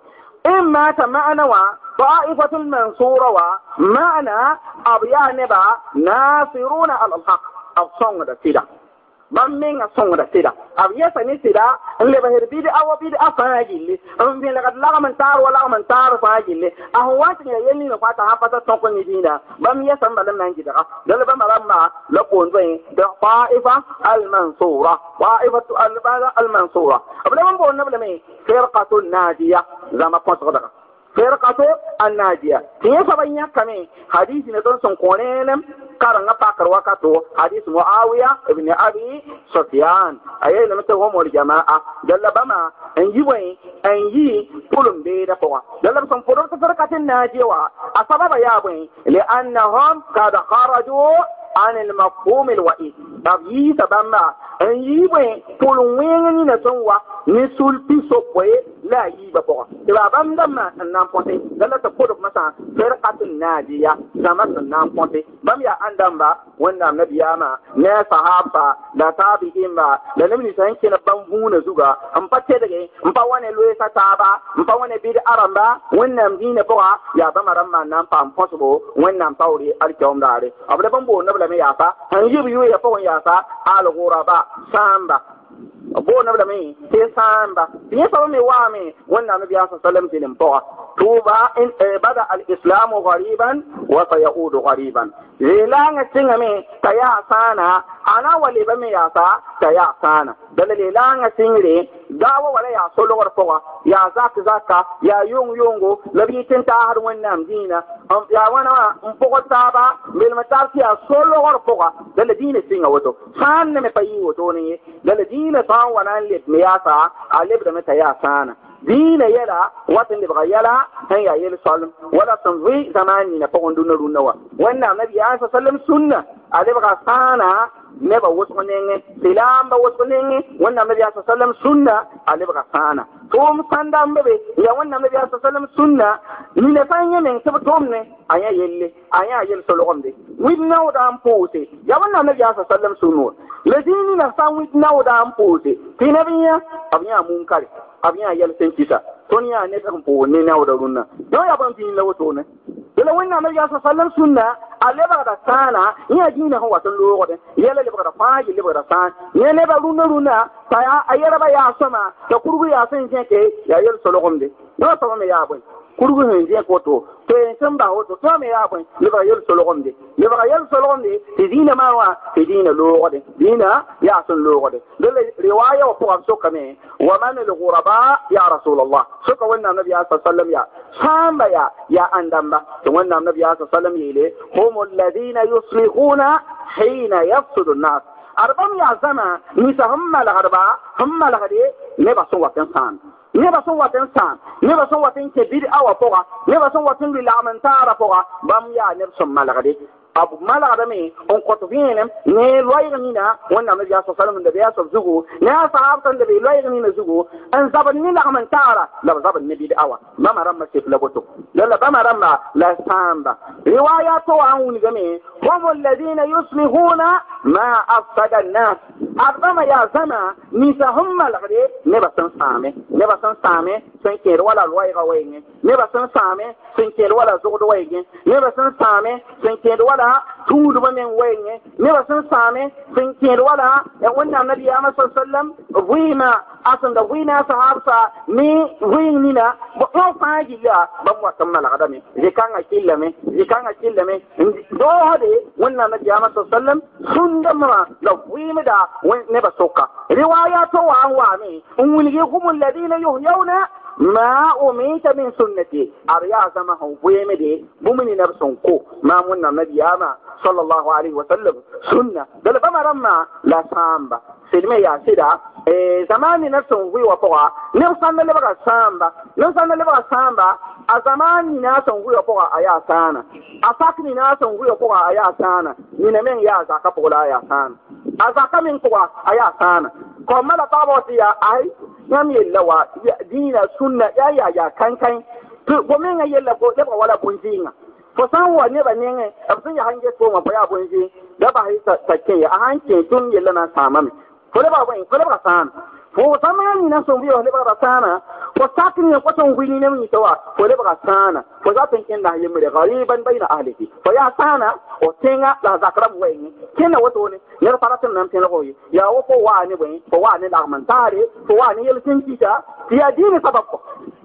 إما تمعنا وا طائفة المنصورة وا معنا أبيان با ناصرون على الحق أبصنوا دا bãmb menga sõngda tɩda b yɛsa ne tɩda n lebsd bɩd a wa bɩd a fãa gilli n vẽlgd lagm n taar wa lagm n taar fãa gilli a sẽn wa n tɩ yel nina fãa tɩ sã pa ta tõk ne dĩinã bãmb yɛsa n bala m na n gɩdga dal bãmba la maa la koond bõe tɩ ta'ifa almansura ta'ifatu almansura b la bãmb boond neb lame firqatu naadiya zãma kõsgdga firqatu annadiya tiye saban ya kame hadisi ne don son kone nan, karan apa hadisi muawiya ibn abi sufyan aye ne mata homo jamaa dalla bama an yi wai an yi pulum be da kwa dalla son furur ta firqatin a sababa ya bai li annahum kada kharaju an al maqum al wa'i tabi sabama an yi wai pulum wen ni na son wa ni sulpi so kwai la yi ba pɔga tɩ baa bãmb dãmbã da na n põte la la tɩ kodbmã sã fɩrka tɩ n naadiya zãma sẽn na n põte bãmb yaa ãn dãmba wẽnnaam nabiyaamã ne a sahaab pa la taabiɩmba la neb ninsã n kẽna bãmb vũunã zuga n pa tedge n pa wa ne loeesa taaba n pa wa ne bɩd a rãmba wẽnnaam dĩinã pʋga yaa bãmba rãmb maan na n paam põsgo wẽnnaam taoore alkaoomdaare b la bãmb boonnã b lame yaasa sãn yib yʋɩ ya pʋgẽ yaasa algʋraba sãamba bonebdame tɩ sãamba tɩ yẽ soab me waame wẽnnaam nabiya sa sallam tɩ nim pʋga tuuba bada alislamu gariban wa sayaudu gariban leelaangã tɩngame t'a yaa sãana a na n wa lebame yaasa t'a yaa sãana bala leelaangã tĩngre daawa wala ya solo pʋga yaa zak zaka yaa yong yongo la b yɩ tɩ n taasd wẽnnaam dĩinã wãna wã n pʋgd mel melm tar solo yaa fowa dal la singa dĩinã sɩnga woto sãan ne me payi yɩ ne dal la la dĩinã le n wa na n leb me yaasa a lebdame t'a yaa sãana dĩinã yɛla wat n lebga yɛla sẽn yaa yel salam wala sẽn vɩ zãmaan nina pʋgẽ dũnã rũnã wa wẽnnaam sallam sũnna ade baka sana ne ba wasu nenge silam ba wasu nenge wannan nabi sallallahu alaihi wasallam sunna ade baka sana tom sanda mbebe ya wannan nabi sallallahu alaihi wasallam sunna ni ne fa yin men tabu tom ne aya yelle aya yel solo gombe winna o dan pose ya wannan nabi sallallahu alaihi wasallam sunno ladini na san winna o dan pose tinabiya abiya mun kare abiya yel sen kisa ton ya ne tan po ne na o da runna do ya ban tin lawo to ne dole wannan nabi sallallahu alaihi wasallam sunna aleba da sana ya ji na hawa tun loro da ya leba da fa ya leba da san ne ne ba runa runa ta ya ayara ba ya sama da kurbu ya san je ya yel sologom de no sama me ya kurgu sẽn zẽk woto tõe sẽn bas woto tõa me yaa bõe lebga yel solgemde lebga yel solgemde tɩ dĩinã maan wã tɩ dĩinã loogde dĩinã yaa sẽn loogde dole riwaya wã pʋgã b sokame waman lguraba ya rasulllah soka wẽnnaam nabia sa sallam yaa sãamba yaa yaa ãn-dãmba tɩ wẽnnaam nabia sa sallam yeele hum alladina yuslihuna hina yafsudu nnas ad bãmb yaa zãma ninsã sẽn malgdba sẽn malgde nebã sẽn wa kẽn sãanda nebã sẽn wat n sãn nebã sẽn wat n kẽ bid-a wã pʋga nebã sẽn wat n lʋɩ lagm n taarã pʋga bãmb yaa neb sẽn malgde abu malagda me on koto vẽenem ne loɛɛg nina wẽnnaam nabiya sa salam da beya sob zugu ne a sahaab sẽn da be loɛɛg nina zugu an zaban ne lagm n taara la b zabd da awa wa bãmba rãmbã sef la woto lala bãmba rãmba la samba riwaya to wa n wingame hum alladina yuslihuna ma afsada nnas ad bãmba yaa zãma ninsa sẽn malgde nebã sẽn sãame nebã sẽn sãame sẽn kẽer wala loɛɛga wɛɛngẽ nebã sẽn sãame sẽn kẽer wala zogd wɛɛngẽ nebã sẽn same sẽn ke wala wala tuudba meŋ wɛɛŋɛ nebã sẽn sãame sẽn kẽed wala wẽnnaam nabiyaamã sa sallam vɩɩmã a sẽn da vɩɩ ne a sahaabsa ne vɩɩng nina wã fãa gilla bãmb wa sẽn malgdame zĩ-kãngã kɩllame zĩ-kãngã kɩllame doosde wẽnnaam nabiyaamã sa sallam sũndmã la vɩɩmda nebã soka riwaayatã wa n waame n wilgi hum alladina yuhyawna ما أميت من سنتي أريا زمه ويمدي بمن نفسه كو ما من النبي أما صلى الله عليه وسلم سنة دل بما رمى لا سامبا سلمة يا سيدا إيه، زمان نفسه وي وفوا نفسنا اللي بقى سامبا نفسنا اللي بقى سامبا أزمان ناس وي وفوا أيا سانا أفاك ناس وي وفوا أيا سانا من من يا زكاة بولا أيا سانا أزكاة من كوا أيا سانا gɔmɛla paɣaba ti ya ayi yɛm yɛlla wa diina sunna ya ya ya kankan to gɔmɛ ŋa yɛlla ko lɛbɛ wala bonzi ŋa fo san wa neba nɛŋɛ a fo ya han je so ma fo ya bonzi daba hi ta ta kɛ a han kɛ tun mi fo lɛbɛ ko fo wo sama ni na so wiyo le ba sana ko sakin ya kwaton gwini ne mi tawa ko le ba sana ko za ta kin da yi mure gariban baina ahlihi ko ya sana o tenga la zakra bu wani kina wato ne ya faratin nan tin ko ya wo ko wani ne bai ko wani ne da man tare ko wa ne yelkin kita ya dini sabab ko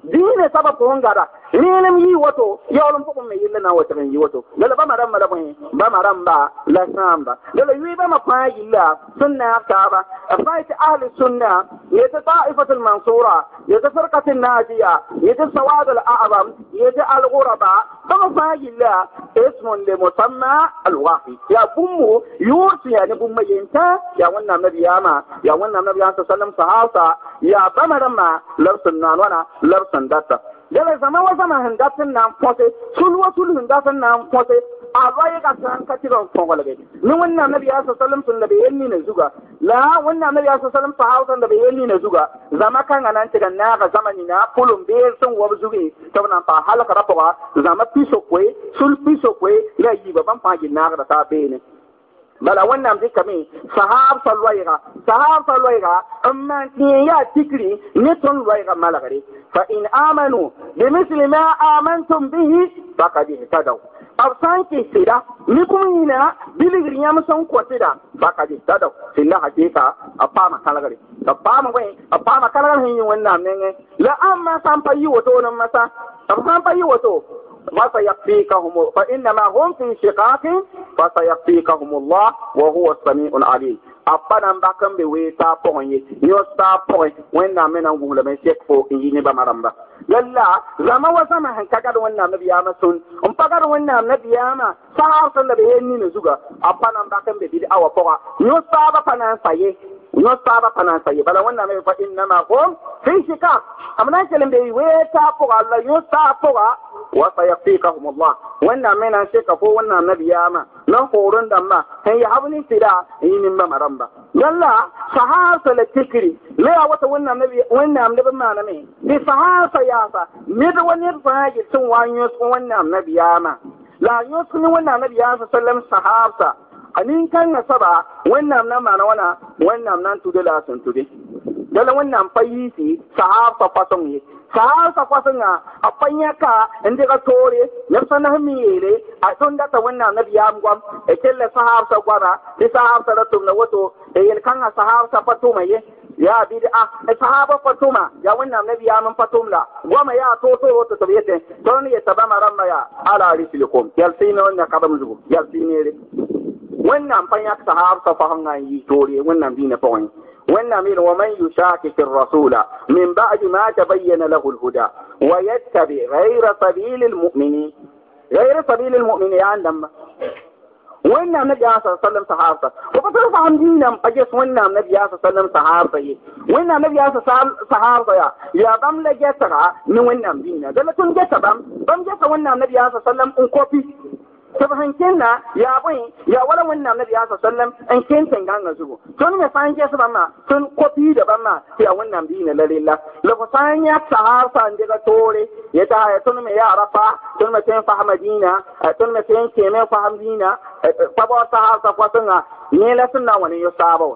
dini sabab ko ngara nenem yi woto yaolum pʋgẽ me yell na n wa tɩg n yi woto lala bãmba rãmba la bõe bãmba rãmba la sãamba lala yoe bãmba fãa yilla sẽn naag taaba b fãa yetɩ ahli sunna yetɩ taifat lmansura yetɩ firkat najiya yetɩ sawad al-a'zam alabam yetɩ alguraba bãmba fãa yilla ismun lemusamma alwafi yaa bũmbu yʋʋr sẽn yaa ne bũmba yentã yaa wẽnnaam nabiyaamã yaa wẽnnaam nabiyaam sa sallam sahasa yaa bãmba rãmba la b sẽn naan wãna la b sẽn data yala zama wasa na hinga tun nan fote sul wasu hinga tun na nan fote a baya ga san ka tiro ko wala ni wannan annabi ya sallallahu sun da bai yanni ne zuga la wannan annabi ya sallallahu fa hausan da bai yanni ne zuga zama kan anan tiga na ga zamani ni na kulun be sun wabu zuge to nan fa halaka rafa zama piso kwe sul piso kwe ya yi ban fa gi na ga ta be bala wannan bi kame sahab fa sahab fa amma tin ya tikri ne ton waiga malagare fa in amanu bi misli ma amantum bihi faqad ihtadaw aw sanki sida ni kuma ina biligri ya musan ko sida faqad ihtadaw sinna hakika apa ma kalagare fa ma wai apa ma kalagare hin wannan ne la amma san yi wato nan masa san fa yi wato وسيكفيكهم فإنما هم في شقاق فسيكفيكهم الله وهو السميع العليم wa n ba kan be wee taa pɔgɔ ye ta o taa pɔgɔ wẽnnaam me na n wugla me sɛk fo n yi ne lalla zãma wa zãma sẽn kagd wẽnnaam nabiyaamã sõn n pagd wẽnnaam nabiyaamã saar sẽn la be be awa pɔga ba no saba pana sayi bala wannan mai fa inna ma qum fi shikak amna kelim be we ta poga Allah yo ta poga wa sayaqikahum Allah wannan mai nan sai ka ko wannan nabiyama nan horon dan ma sai ya habni sida yin ba maramba yalla sahasa la tikri me ya wata wannan nabi wannan nabi ma na me bi sahasa ya sa me da wani fa ya tun wanyo wannan nabiyama la yo sun wannan nabiyama sallallahu alaihi wasallam sahasa anin kan na saba wannan nan mana wana wannan nan tude la sun tude dala wannan fayi si sahafa ta yi ye sahar ta fason a apanya ka inde ka tore ya san na mi yele a ton da ta wannan nabi ya ngwam e sahafa sahar ta gwara ni sahar ta na wato e yel kan sahar ta fatuma ye ya bi da a e sahaba fatuma ya wannan nabi ya mun fatumla goma ya to to wato tabiyete don ya tabama ramma ya ala rislikum yal sino na kadam zugu yal wẽnnaam pa yãk sahaab sa fasẽn na n yi toore wẽnnaam dĩinã pʋgẽ وإنما من ومن يشاكك الرسول من بعد ما تبين له الهدى ويتبع غير سبيل المؤمنين غير سبيل المؤمنين عندما وإن النبي صلى الله عليه وسلم صحابته وقصر فهم دينا أجس وإن النبي صلى الله عليه وسلم صحابته وإن النبي صلى الله عليه وسلم صحابته يا بم لجتها من وإن دينا دلتون جتا بم بم جتا وإن النبي صلى الله عليه وسلم انكوبي tabahan kenna ya bai ya wala wannan nabi ya sallam an kenten ganga zubo ton me fan ke saban ma tun kopi da ban ma ya wannan bi ne lalilla la ko san ya sahar san daga tore ya ta ya tun me ya rafa tun me sen fahama dina tun me sen ke me faham dina fa ba sahar sa ko tunga ne la sunna wani ya saba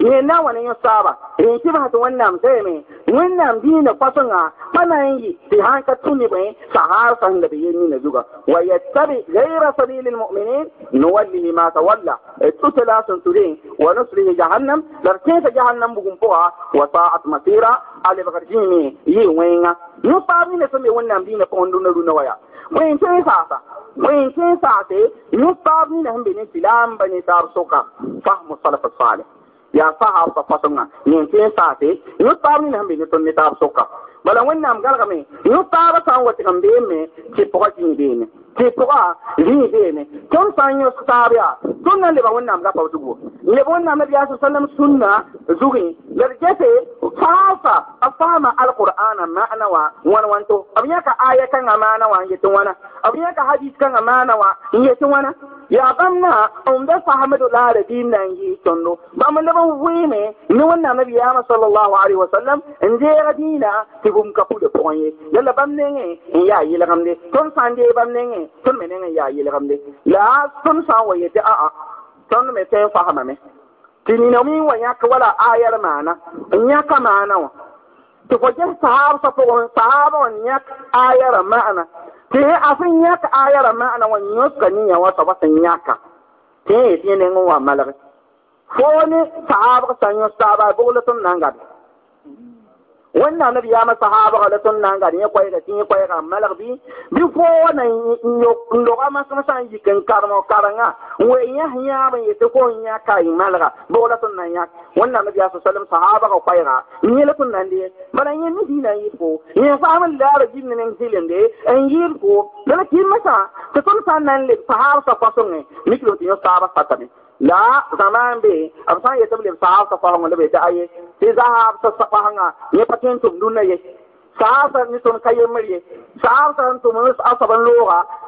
ne na wani ya saba in ki ba to wannan sai me wannan bi na kwasan a manan yi bi han ka tuni bai sahar san da biyin ne zuga wa yattabi ghayra sabilil mu'minin nuwallihi ma tawalla tutla sun tudin wa nuslihi jahannam larkin ta jahannam bugun fuwa wa sa'at masira ale bakarjini yi wenga no pa mi ne so me wannan bi na pondo na runa waya wen sai sasa wen sai sasa no pa mi ne hambe ne filam bani tar soka fahmu salaf salih yaa fasa pa fasonga yin tin saate yu tab ni hambe ni ton ni tab soka bala wannam galga me yu tab san wati kan be me ti poka tin be ne ti poka ri be ne ton san yo tab ya ton nan le ba wannam ga pawtu go le wannam nabi sallam sunna zugi le jete fasa afama alqur'ana ma'ana wa wan wanto abiya ka ayatan amana wa yetin wana abiya ka hadith kan amana wa yetin wana ya banna on da sahamadu larabi nan yi tonno ba mun ban wime ni wannan nabi ya sallallahu alaihi wasallam in je radina ti gum kapu de ponye yalla bam ne in ya yi lagamde ton sande bam ne ton menen ya yi lagamde la ton san waye ta a a ton me tan fahama tinina mi wa yak wala ayar mana in ya kamana wa ti ko je sahab sa ko sahab on yak ayara ma'ana ti afin yak ayara ma'ana wan yoska ni ya wata wata nyaka ti ti ne ngwa malaka fo ni sahab sa yo sahaba bo le tun wẽnnaam b yaama sahaabga la tõnd na n gar yẽ koɛɛga tɩ yẽ koɛɛga n malg bɩ bɩ fo wa na n loga masem sã n yik n karem karengã n we yãs yãab n yetɩ fo n yã ka y malga bog la tõnd na n yãk wẽnnaam b yaa salm sahaabga koɛɛga n yẽ na n dee bala yẽ ne dĩinã n yɩɩd fo yẽ faam n laara gib ne neng zɩlemde n yɩɩd fo la la kɩɩmã sã leb sahaab sa kõsengẽ mikro tɩ yõ saaba la zãma be b sã n yetɩ b sa kõsengẽ la be tɩ aye ذهب تصفحنا يبتين تم دوني نسون كي يمري سعاسا انتم نسعصا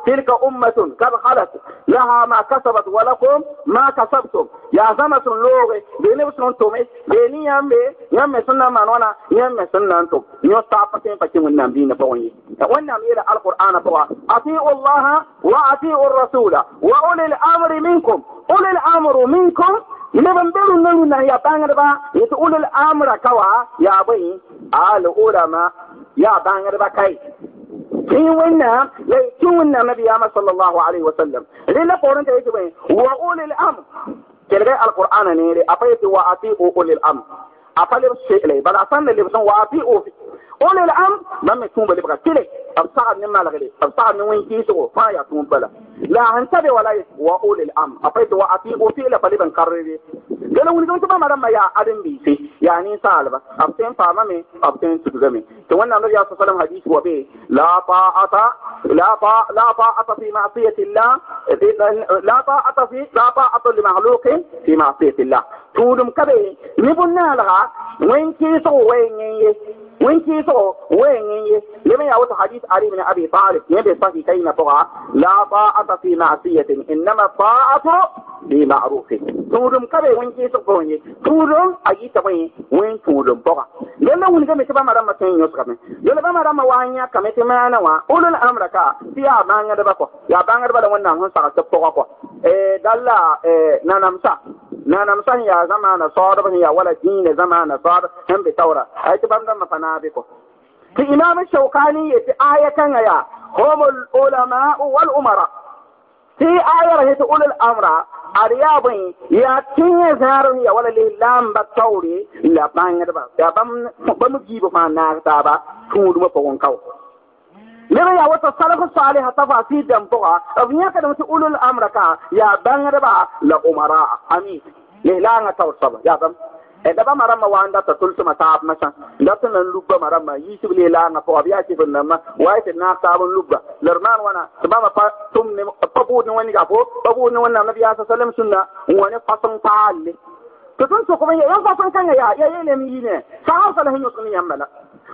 تلك أمة قد خلت لها ما كسبت ولكم ما كسبتم يا زمة لوغة بنفس تومي بني يامي يمي سنة مانوانا يامي سنة انتم نيوستعفتين فكي من نبينا فوني وانا ميرا القرآن فوا أطيعوا الله وأطيعوا الرسول وأولي الأمر منكم أولي الأمر منكم لما بنبرو نلو نا يا بانغر با يتقول الامر كوا يا بي آل أولما يا بانغر با كاي تين ونا يا تين ونا نبي صلى الله عليه وسلم لنا فورن تيجي بين وأولي الأمر كلغة القرآن نيري أفايت وأطيعوا أولي الأمر أفا لبس شيء لي بل أصلا لبسون وأطيعوا ولا الام ما مسوم اللي بغا تيلي ابصار من مال غلي ابصار من وين كيسو فايا تون بلا لا هنتبه ولا وأول الام افيت واطي وفي له بلي بنكرري قالوا وني كنت ما ما يا ادم بي يعني سالبا ابتين فاما مي ابتين تدغمي تو انا النبي صلى الله عليه حديث هو بي لا طاعه لا طاعة لا في معصية الله لا طاعة في لا طاعة لمخلوق في معصية الله تولم كبير نبنا لغا وين كيسو وين وانتي سو وين يي لما يعود حديث علي بن أبي طالب يبي صحي كينا طغى لا طاعة في معصية إنما طاعة بمعروف تورم كبه وانتي سو كوني تورم أي تبين وين تورم طغى لما ونجا متبا مرام سين يسكم لما مرام وانيا كمتي ما وا أول الأمر كا في دبا كو يا بانيا دبلا ونا هن سكت طغى إيه دالا إيه نانمسا نانمسا يا زمان صار بني يا ولد دين زمان صار هم بتورا أي تبان دم فنا منابقه في إمام الشوقاني في آية يا هم العلماء والأمراء في آية تقول الأمر أرياب يا كين يزهرون يا ولا لام بطوري لا بان يربا يا بام بام جيب ما نارتابا ما مبون كاو لما يا وتا سلف الصالح تفاسير دم بقى أبنيا كده تقول الأمر كا يا بان يربا لا أمراء أمين لهلا صبا يا بام da marama wa anda tatul tuma saab masa ndata nan lubba marama yisib le la na ko abiya ci bunna ma wa ta na saabun lubba lerman wana ba ma tum ne pabu ne wani ga ko pabu ne wannan nabi ya sallam sunna wani fasan palle to tun to kuma ya fasan kan ya ya yele mi ne sahaw salahin yusmi yamala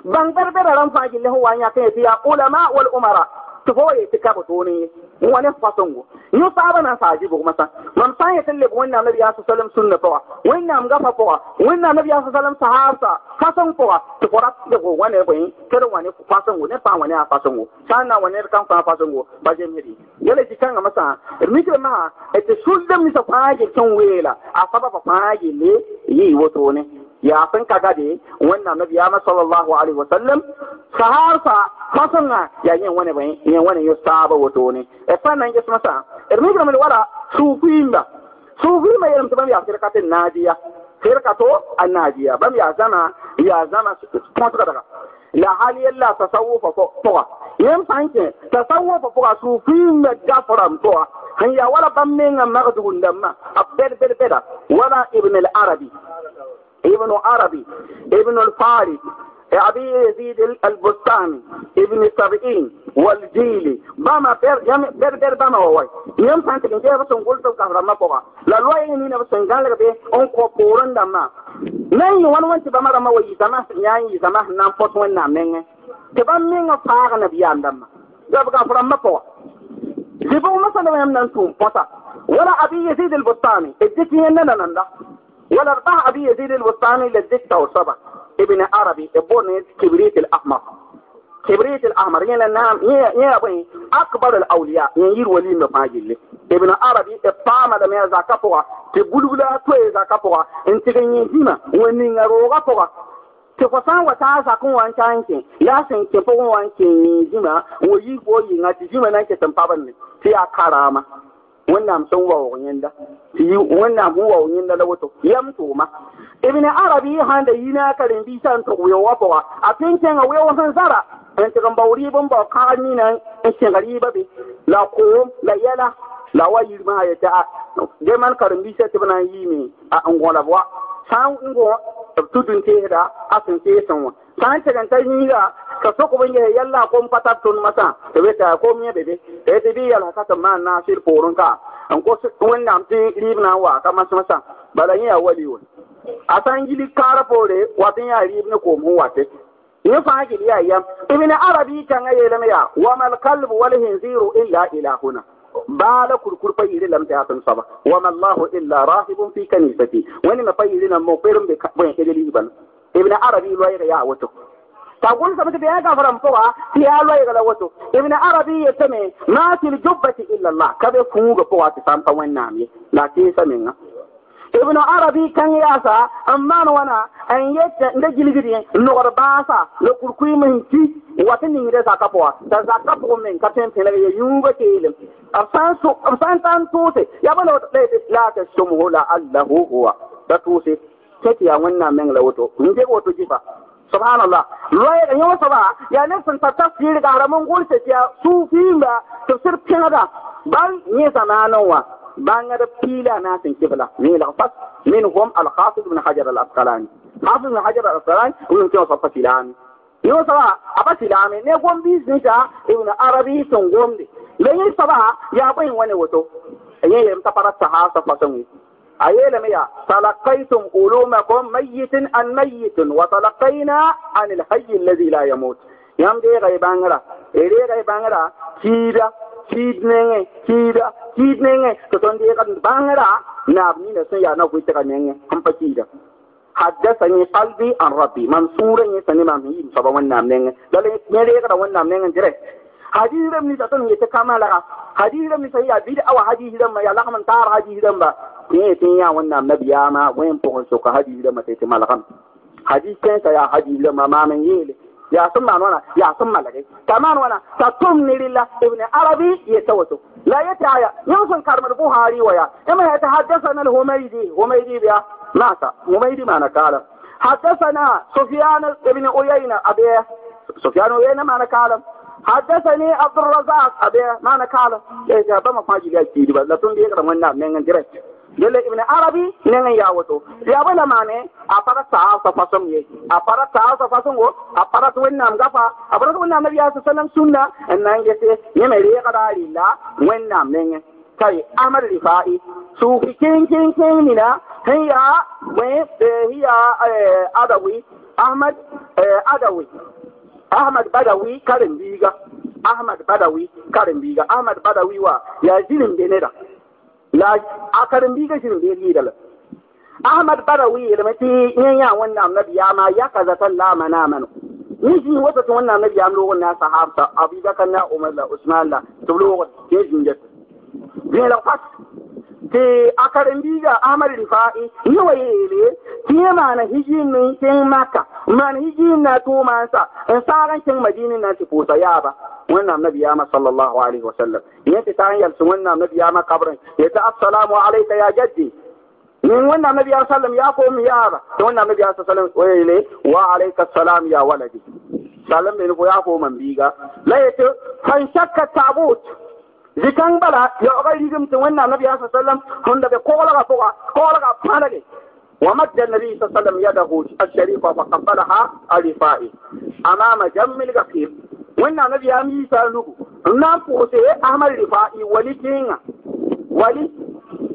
ban barbara ran fajin lahu wa ya kai ya ulama wal umara to ko ye tika ba toni wani fasongo yo saba na saji bu masa man fa ya talle bu wannan nabi sallallahu alaihi wasallam sunna fa wannan ga fa fa wannan nabi sallallahu alaihi wasallam sahaba fason fa to ko rat da ko wani ba yin kada wani fasongo ne fa wani a fasongo na wani kan fa fasongo ba je miri yale ti kan masa mi ke ma e te shudda mi sa fa je kan wela a fa ba fa je le, yi wato ne يا سنكا غادي وانا نبي اما صلى الله عليه وسلم سهارسا فصلنا يا ين وانا بين ين وانا يصاب وتوني افانا ينجس مسا ارميك رمي الورا سوفيما سوفيما يرم تبام يا سيركة الناجية سيركة الناجية بام يا زنا يا زنا سكتكتك لا حالي الله تصوف فوق يم سانك تصوف فوق سوفيما جافرام توا هيا ولا بام مين مغدو لما ابدل بل بل ولا ابن العربي ابن عربي ابن الفارس أبي يزيد البستاني ابن سبعين والجيلي بما بير جم بير بير بما هو يوم سانت كنت أبغى سنقول لك كهرب ما كوا لا لو أي نينا قال لك بيه أون كوبورن دما نين وان وان تبما رما وي زما نين زما نام فوت وين نام نين تبما مين فاغ نبي عندما يا بقى فرما ما كوا زبون مثلا يوم نانتوم فتا ولا أبي يزيد البستاني اديتي هنا ناندا والأربعة أبي يزيد الوسطاني للستة والسبعة ابن عربي ابن كبريت الأحمر كبريت الأحمر يعني نعم يا يا هي أكبر الأولياء ينير يعني ولي مفاجل ابن عربي ابطام دم يزاك فوق تبلغلا توي انت غني زما هما ونغروغا فوق تفسان وتعز وتعزا كون وانتانكي يا سنكي فوق وانكي زما ويجي ينغتي نتجمع نانكي تنبابن في أكرامة wannan sun wa wunyin da yi wannan bu wa da lawato yam to ma ibn arabi han da yina karin bi san to yo wa fa a tinken a wayo san sara an ta gamba wuri bun ba ka ni gari ba la ko la yala la wayi ma ya ta de man karin bi sai tibna yi mi a an gona ba san ngo tudun te da asin te san kan kai ni ga ka so bin ye yalla ko mpata tun mata to be ta ko mi be e te bi yalla ka tamma na sir porun ka an ko won nam ti na wa ka mas masa bala ya wali won asan gili kara pore watin ya libna ko mu wate ni fa gili ya ya ibn arabi kan ya lama ya wa mal qalbu wal hinziru illa ilahuna bala kurkur fa yiri lam ta tan saba wa ma allah illa rahibun fi kanisati wani ma fa yiri na mo perum be ka bon edeli ban ibn arabi loye ga ya wato ta gun sa mutum ya gafaran fowa ti ya loye ga wato ibn arabi ya tame ma til jubbati illa allah be ku ga fowa ti san fa wannan ne la ti na ibn arabi kan sa amma wana an yadda da gilgiri nuwar basa da kurkui min ti wata ni da zaka poa da ka fowa min ka tan pele ya ga ke ilim afsan su afsan tan tose ya bala da la ta sumu la allahu huwa da tose keti ya wannan meng la woto n deg woto jifa, subhanallah loɛɛga da yawa saba ya ne sun ta tafsir ga ramun gurse ya sufi ba tɩ b sɩd pẽgda bãng wa, ban wã bãngd piila a na n kibla kɩbla la fas minhum alhafiz bn hajar alasqalani hafiz bn hajar alasqalani wẽn kẽ wã soab pa silaame yẽ wã soaba a pa silaame ne gom-biis ta, ibn arabi sun gomde la yẽ soaba ya bõe wã ne woto yẽ ta pa ra sahasa a yi lamiya talakaitun ulumakon mayyitin an mayyitin wa talakaina an ilhayi lazi la ya mutu yan da ya rai bangara ere rai bangara kida kidnenge kida kidnenge to ton da ya rai bangara na abu ne sun yana ku ita ganin yan kamfa kida haddasani qalbi an rabbi man sura ne sani ma mai saba wannan amnen dole ne da ya rai wannan amnen jire hadirin ni da ton ya ta kamala hadirin ni sai ya bid awa hadirin ma ya lahman tar hadirin ba tiɲɛ tiɲɛ ya wani mabiya ma yama wani so ka haji da mata ta ma lagam haji kɛn ka ya haji da mama maami yeele ya sun ma wana ya sun ma lage kama nɔna ta tum niri la ibn arabi ya ta la ya ta ya yau sun karmar buhari waya ya ya ta haddasa na humaydi humaydi biya mata humaydi ma na kala حدثنا سفيان بن عيينة أبي سفيان عيينة ما نكالم حدثني عبد الرزاق أبي ما نكالم ليس بما فاجي لي أكيد بس لا تنبيه كده من نعم من غيره yele ibn arabi nenge ya woto ya bana mane apara sa sa fasong ye apara sa sa fasong go apara to wenna am gafa apara to wenna nabi sallam sunna nan yete yeme re kada lilla wenna menge kai amar rifai su kin kin kin ni na hiya we e, hiya e, adawi ahmad e, adawi ahmad badawi karin biga ahmad badawi karin biga ahmad badawi wa ya jirin ላይ አከርም ቢገሽም ቤት ይደለም አህመድ በረዊ ልመቲ ኛኛ ወና ነቢያማ ያከዘተን ላመናመኑ ይህ ወተት ወና ነቢያም ለወና ሰሃብታ አቢበከና ዑመር ለዑስማን ለ ትብሎ ወት ጌዝ እንጀት ቢለውፋት de akarambiga amar rifa'i yiwa yele ki na hijin ne kin maka ma na hijin na to sa in saran kin madinin na ci fosa ya ba wannan nabi ya ma sallallahu alaihi wasallam ya ta hanyar su wannan nabi ya ma kabrin ta assalamu alayka ya jaddi min wannan nabi ya sallam ya komi ya ba wannan nabi ya sallam ne wa alayka assalam ya waladi sallam ne ko ya ko man biga la yace fan shakka tabut dikan bala ya ogay rigam to wanna nabi sallallahu alaihi wasallam honda be kolaga foga kolaga panage wa madda nabi sallallahu alaihi wasallam yadahu ash-sharifa fa qabalaha alifa'i amama jammil gafir wanna nabi ya mi sa lugu na pose amal rifa'i walikin wali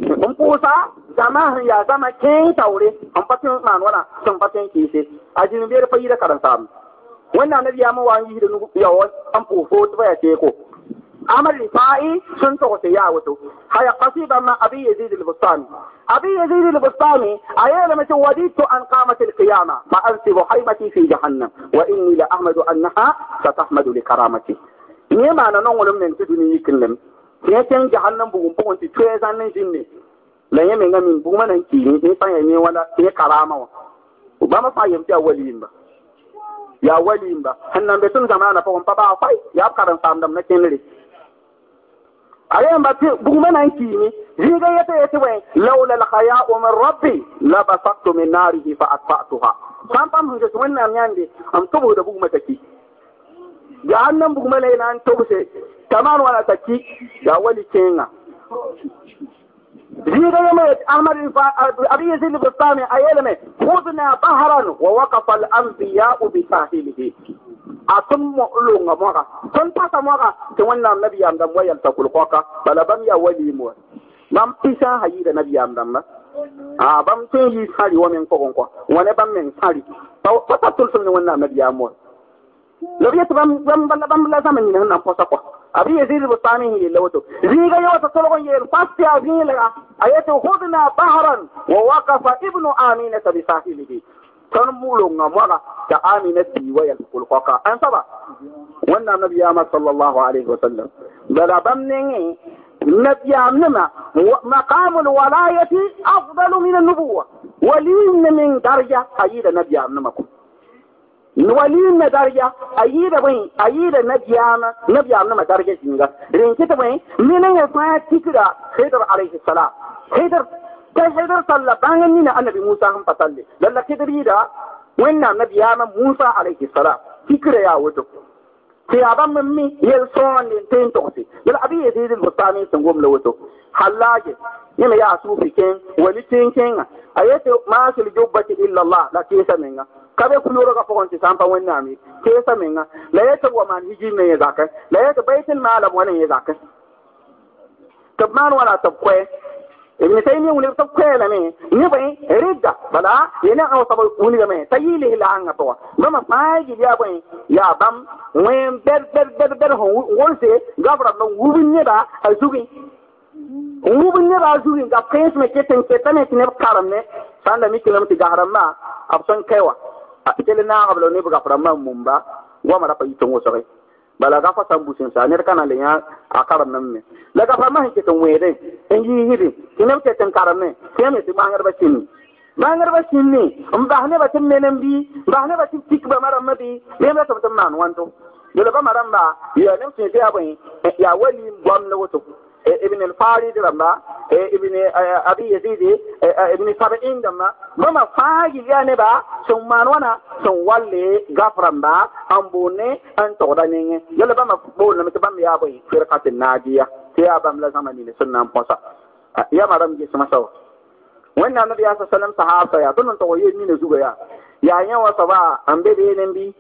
kun um pusa zaman ya zama kin taure um an fatin man wala sun um fatin kise ajin biyar fayyida karanta wannan nabi ya mawa yi da nugu ya wani an fofo ta baya ko عمل لقائي سنتو تياوتو هيا قصيدة مع أبي يزيد البستاني أبي يزيد البستاني أيانا ما وددت أن قامت القيامة فأنسب حيمتي في جهنم وإني لأحمد أنها ستحمد لكرامتي نيما أنا نقول من تدني يكلم نيتين جهنم بوم بوم تتويزان نجني la yẽ menga min bũuma nan kiig n sã n yaa yẽ wala tɩ yẽ karaama wã bãmb fãa yem tɩ yaa waliimba yaa waliimba sẽn nan be tʋm zãmaana pʋgẽ na kẽnere ayan ba ti gugma nan ki ni ya yata yati wai laula al khaya'u min rabbi la basattu min narihi fa atfa'tuha pam pam hunje to wannan yande am tubu da buguma gugma take jahannan buguma lai nan tubu se kaman wala take ya wali kenga Yürüyemez Ahmet Abi Yezid Bustami ayeleme hudna baharan wa waqafa al-anbiya'u bi sahilihi atun mu'lunga mwaka tun pasa mwaka te wannan nabi amdan wayal takul qoka bala bam ya wali mu ah, bam pisa hayida nabi amdan ma a bam tun yi sari wa men ko gonko wane bam men sari pasa tul sun wannan nabi amur Lobiya bam bam bam la zaman ni nan posa ko ابھی عزیز بتانی ہی لو تو زی گئی وہ تو لوگوں یہ پاس سے ابھی لگا ووقف ابن امین تبی صاحب دی تن مولو نما لا تا امین تی وے کل قا ان سبا ونا نبی اما صلی اللہ علیہ وسلم بلا بمنی نبي عمنا مقام الولاية أفضل من النبوة ولين من درجة أيضا نبي عمنا مقام نوالين مدارجا أيدا وين أيدا نبيان نبيان مدارجا جنجا رينكت وين من يسمع تكرا خيدر عليه السلام خيدر كهيدر صلى بانين أن نبي موسى هم بطل للا كدر يدا وين نبيان موسى عليه السلام تكرا يا ودو في أبام ممي يلسون لنتين توسي يلا أبي يزيد المستامي سنقوم لوتو حلاجة يما يا سوفي كين ولي تين كين أيات ما سلجوبة إلا الله لا كيسا Kabè koumoura gafokon ti sanpa wè nanmi. Kè sa mè nga. Lèyè te waman hijin lè ye zakè. Lèyè te bayten mál ap wè ye zakè. Kè man wala te pkwe. E mè te yè wè nè te pkwe lè mè. Nè pwen rè dè. Bala. E nè an wè te pwen wè nè mè. Te yè lè hè lè an gatoa. Mè mè fay gil ya pwen. Ya dam. Wè m ber ber ber ber. Wè m ber ber ber ber. Gap rè mè. Wè mè nè mè. Wè mè mè. Wè mè mè tele na ngablo ne buga fara mam mumba wa mara pa o sore bala gafa sambu sin sa ner kana le ya akaram nan me la gafa ma hin ton wede en yi hidi kinem ke tan karam ne keme ti mangar ba sin mangar ba sin ni um ba ne ba tin menem bi ba ne ba tin tik ba ma bi le ma tabatan man wanto dole ba mara ba ya nem sin ti abin ya wali gwam na wato ابن الفارد لما ابن ابي يزيد ابن سبعين لما مما فاجي يعني با سن مانوانا سن والي غفران با امبوني ان تغدانين يلا بما بول متبام يا ابوي فرقه الناجيه يا بام لا زماني لسنن بوسا يا مرام جي سمسو وين النبي صلى الله عليه وسلم صحابه يا دون تو يي مين زوغا يا يا يا وسبا امبي بي نمبي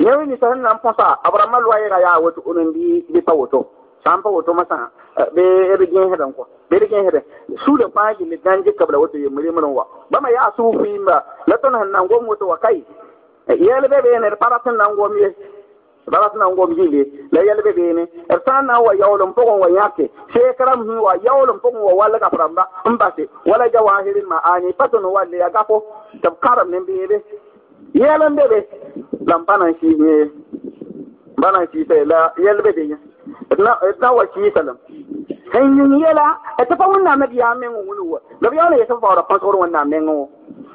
يوي ني سنن بوسا ابرام الوايرا يا وتو نمبي بي باوتو san pa woto masa eh, be ebe eh, gen hedan ko be gen hedan su da pa yi dan je kabla woto ye mure mun wa ba ma ya su fi ma la ton han nan gom woto wa kai eh, yele be be ne paratan nan gom ye paratan nan gom jile la yele be be ne ertan na wa yawlum po wa yake shekaram hu wa yawlum po wa wala ka faramba mbase wala jawahirin ma ani patun wala ya gafo tabkaram ne be be yele be be lampana shi ne bana shi sai la yele be be na waki salam kan yin yela ta fa wannan nabi ya men wulu da biya wani ya tafa fara fasor wannan men wa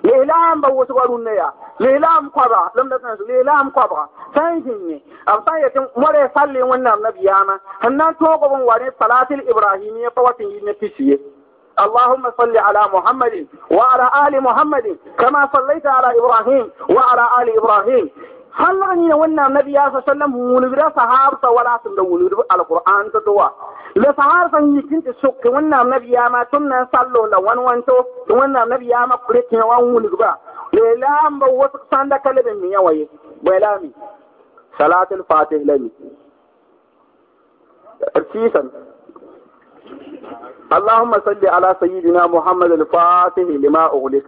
le lam ba wasu warun ne ya le lam kwaba lam da san le lam kwaba san hin ne a san ya tin more salle wannan nabi ya ma hannan to gobon ware ibrahim ya fawatin yi na fisiye اللهم صل على محمد وعلى آل محمد كما صليت على إبراهيم وعلى آل إبراهيم خلاني ونا النبي صلى الله عليه وسلم مولى الصحابه ولا سند مولى القران تدوا لسهار سن يكن تسوك ونا النبي يا ما ثم صلوا لو ون ون تو ونا النبي يا ما قلت يا وان مولى غبا لام بوت سند كلمه من يوي بلامي صلاه الفاتح لني ارتيسا اللهم صل على سيدنا محمد الفاتح لما اغلق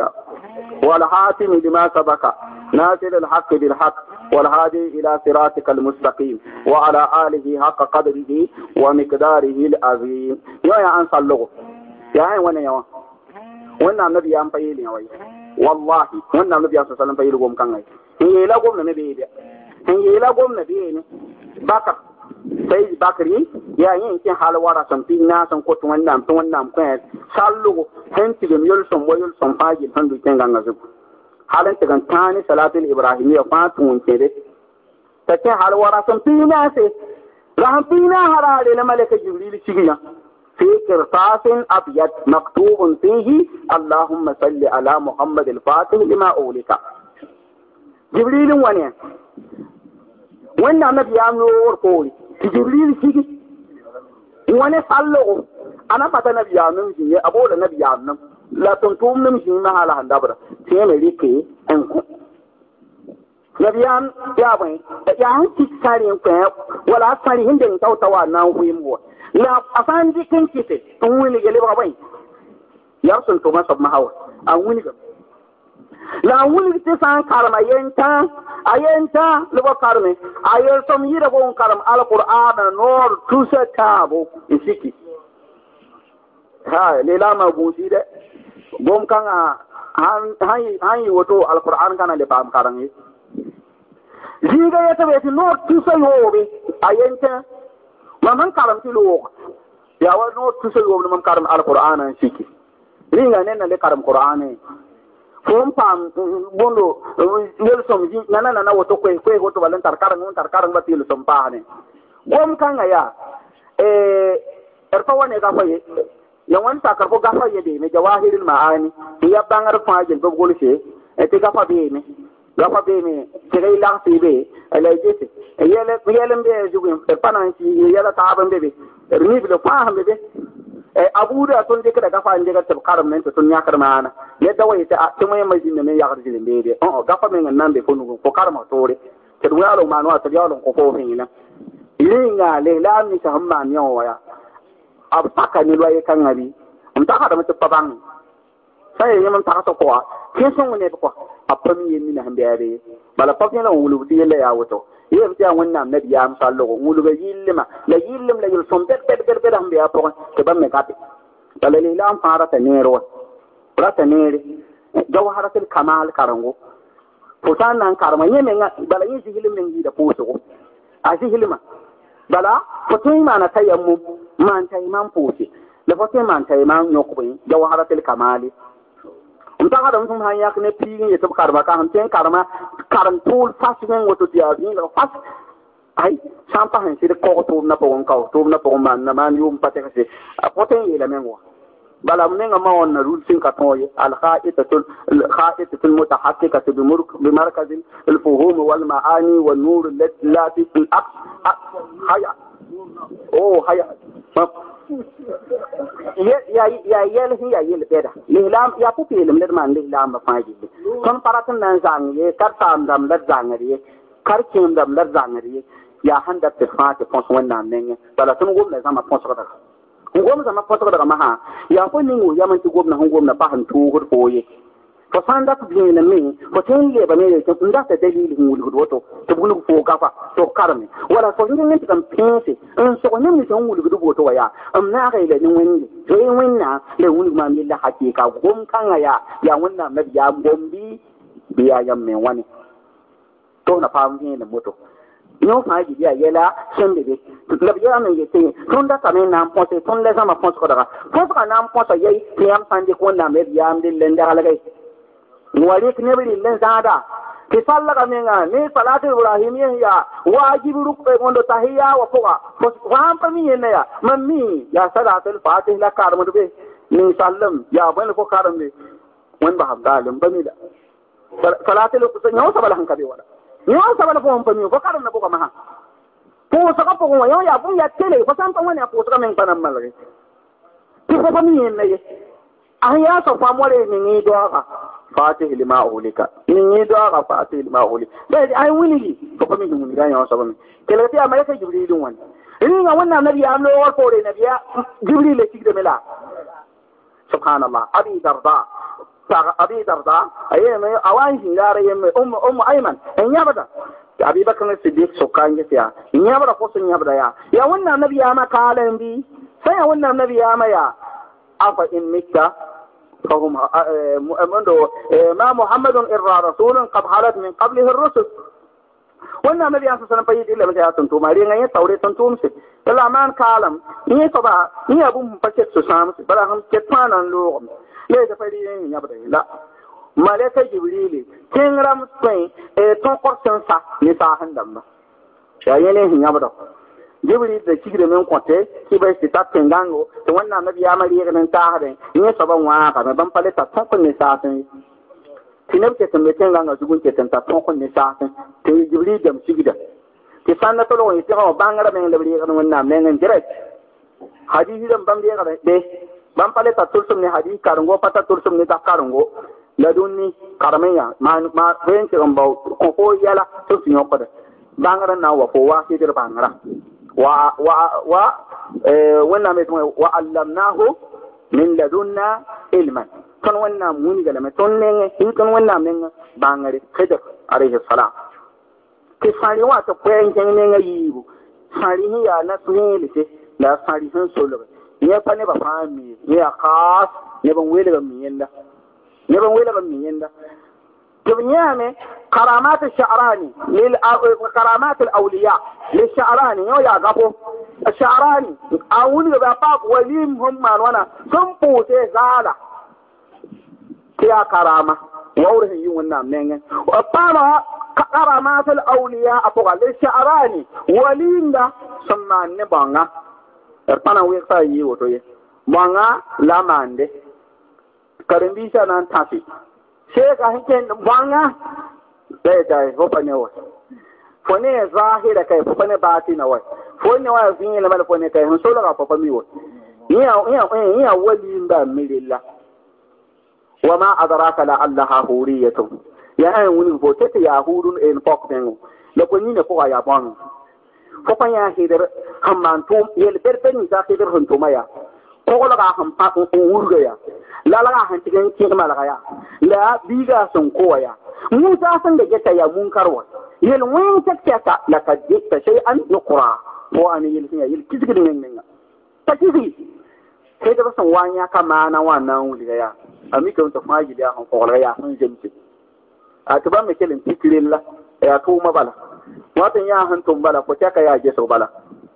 والحاتم لما سبق ناصر الحق بالحق والهادي إلى صراطك المستقيم وعلى آله حق قدره ومقداره العظيم يا يا أنسى اللغة يا أين وين يا وين النبي يا مبين يا وين والله وين النبي صلى الله عليه وسلم بين قوم كان هي لا قوم نبي هي لا قوم نبي بكر sai يا yayin كان حال san سن في ناس ko tun wannan tun wannan kwen sallugo hen tigem yol son يلسون ويلسون fagil handu ken ganga zuku حال انت كان ثاني صلاه الابراهيميه فات ممكن دي تكي حال ورسم في ناس رحم بينا هذا للملك جبريل شيخنا في كرطاس ابيض مكتوب فيه اللهم صل على محمد الفاتح لما اولك جبريل وني وين انا بيعمل ورقول جبريل شيخي وانا صلوا انا بتنبيانو جي ابو النبي يعمل La ton toum nan mji yon mahala an dabra. Ti yon e di ki, an kou. Ya biyan, ya bayan, ya an ki kisari yon kou, wala as kari hinden yon tau tawa nan woyen mou. La asan di kin kifit, tou yon li geli ba bayan. Ya son touman sab ma hawan. An woyen gaman. La an woyen li disan karam, a yen ta, a yen ta, lwa karmen. A yer som yi rafoun karam, ala Kur'an nan or, kousen ta wou, in e siki. Ha, lela mabousi dek. gom a ah, han woto alquran kana le pam karangi ya yata beti no tusa yobe ayenta ma man karam ti lo ya wa no tusa yobe man karam alquran an shiki ringa ne na le karam ne fon pam bondo yel som ji nana nana wato kwe kwe woto balan tar karam mun tar karam bati lo som pa ne gom kanga ya eh erpa wane ka faye la wani takar fo gafa ya beeme jawahiril maani tɩ ya bãngr fãa gel b b golse gafa gafa beeme gafa beeme tɩg y lags tɩ be la y gese yɛl n bee zug d pa na n sii yɛla taab be d nibl fãa sẽn be a gafa n dɩgd me yagd zĩr n beede gafa meng n na n be fo nugẽ fo karemg toore tɩ d waalg maan wa tɩ d yaool n kõ fo fẽelã le leslaam ninsã sẽn maan yẽ wã ab paka ni loye kan abi am ta hada mutu pabang sai yayin mun ta ta ko kin sun ne ko apam yin ni na hambiare bala papin na wulu di le ya wato yem ta wannan nabi ya amsal logo wulu ga yillima la yillim la yulsum bet bet bet bet hambiya pokon ke ban me kape bala le la am fara ta ne ro ra ta ne jawharatul kamal karango fotan nan karma yeme bala yin jihilim ne da poso a jihilima bala fotin mana tayammum man tayman pusi la fotin man tayman nokbin jawharatul kamali um ta hadam sun han yakne pigin yetab karma ka han ten karma karam tul fasgen woto dia ni la fas ai sampa han sir ko to na pon ka to na pon man na man yum pataka se fotin yela menwa بلا من ما هو نقول سين كتوني الخائطة الخائطة المتحركة بمرك بمركز الفهوم والمعاني والنور التي لا في الأقص حياة أو حياة يا يا يا يا لهي يا يل بيرا ليلام يا بوبي لم نرمان ليلام بفاي جيب كن فراتن نزاني يا كرتام دام لزانري كرتيم دام لزانري يا هندب تفاتي فونس وين نامنين بلا تنقول لزام فونس غدر gomza ma kõtg daga masã yaa fo ning wus yam n tɩ gomda sẽn gomda pa sẽn tʋʋsd foo ye fo sã n dat vẽenemẽ fo sẽn leebame n data dalil sẽn wilsd woto tɩ b wilg foo gafa tɩ b karme wala fo rẽng n tɩ m pẽese n sog ne wẽn sẽn wilgd b woto wa yaa m naaga yeela ne wẽnde zoe wẽnnaam la wilg maam yella hakɩɩka gom-kãngã yaa yaa wẽnnaam la b yaa gom-bɩ bɩ yaa yam me wãne tɩ f na paam vẽenem woto yõ fãa yel yaa yɛla sẽn be be labya nan yete tunda kame nan ponse tun le zama ponse kodara ponse ka nan ponse yai tiyam pande ko na me biyam de lende halagai wari kne bri len zada ti salla ka me nga ni salatu ibrahim ye ya wajibu rukbe gondo tahiyya wa foga wam pa mi ne ya mammi ya salatul fatih la karmu be ni sallam ya ban ko karam ne wan ba habdalim ba mi da salatul kusa nyaw sabala hankabe wala nyaw sabala ko pam pam ko karam na ko maha pʋʋsga pʋgẽ wã yã yaa bõn yaa tele fo sãn pa wẽne a pʋʋsga meŋ pa nan malge tɩ fo pa mi yẽnna ye a sẽn yaa sõ fãa mole ning y doaga fatih lima ulika ning y doaga fatih lima uli bd a winigi fo pa mi yũuniga yõosgame kelg tɩ yaa malaka jibril n wãn rĩnga wẽnnaam nabiyaam loogr poore nabiya ah, jibril le eh, tigdame la subhanallah abi darda abi darda a yeeme a wa n zĩidaara yemme um umm ayman n yãbda abi bakar na siddiq so kan ya ya nyabra ko so nyabra ya ya wannan annabi ya ma kalan bi sai ya wannan annabi ya ma ya afa in mitta فهم منذ ما محمد إلا رسول قد حالت من قبله الرسل wannan annabi an sanan fayi illa mata ya tuntu mari ngan ya taure tuntu musu illa man kalam ni to ba ni abun fakke su samu bara ham ke tanan lo le da fari ni ya bada la malaka jibrili kin ram tun e eh, to korsen sa ni sa handan na ya ne hin yabda jibril da kigre men kwate ki bai sita tengango to wannan nabi ya mari ganin ta hare ni saban wa ka ban pale ta ton ne sa tin tinab ke tambe tenganga zugun ke tanta ta ton kun sa tin to jibril da sigida ki sanna to lo yi ta bangara men da bari ganin wannan men jira hadisi dan ban da ya gabe ban pale ta tursum ne hadisi karungo pata tursum ne ta karungo la dunni karmeya ma ma wen ke mbau ko ko yala to sinyo ko da bangara na wa ko wa sidir bangara wa wa wa eh wannan mai tuma wa allamnahu min ladunna ilman ton wannan muni ga mai ton ne in ton wannan men bangare khidr alaihi salam ke fari wa ta koyan kin ne yi bu fari ya na sunile ce da fari sun solo ne fa ne ba fa mi ne ya khas ne ban wele ga mi yanda ne ولا بمين ده min يعني كرامات الشعراني كرامات الأولياء للشعراني يو يا غفو الشعراني أولي باباك وليم هم من وانا سنفو تزالا تيا كرامة ووره يون نام نينجن وطبعا كرامات الأولياء أفوغا للشعراني وليم دا سمان نبانا ارتانا ويقتا يوتو يه بانا لا ماندي karimbisha nan tafi sheka hinken banga dai dai hopa ne wa fone zahira kai fone na wa fone wa zinyi na mal fone kai hun solo ka papa mi wa iya iya iya wali nda mirilla wa ma adraka la allaha huriyatu ya ayi wuni bo tete ya hurun en pok bengu la ko ni ne ko ya bonu ko pa ya hidir hamman yel berbeni za hidir hun tumaya pʋglga sẽn pa n wurga ya la lga sẽn tɩg n kẽg malga ya la biiga sẽn ko wa ya musa sẽn da geta ya munkar wa yel wẽng tɩ kɛta la ka je ta sai an Ko nuqra pʋgane yel sẽn ya yel kisgd meng menga t'a kisi tɩdb sẽn wa yãka maana wã na n wilga ya a mikame tɩ fãa yel yaa sẽn pʋglga yaa sẽn zemse tɩ bãmb me kell n e a rella yaa tʋʋma bala wãn tɩ yãa sẽn tʋm bala ka y'a je gesg bala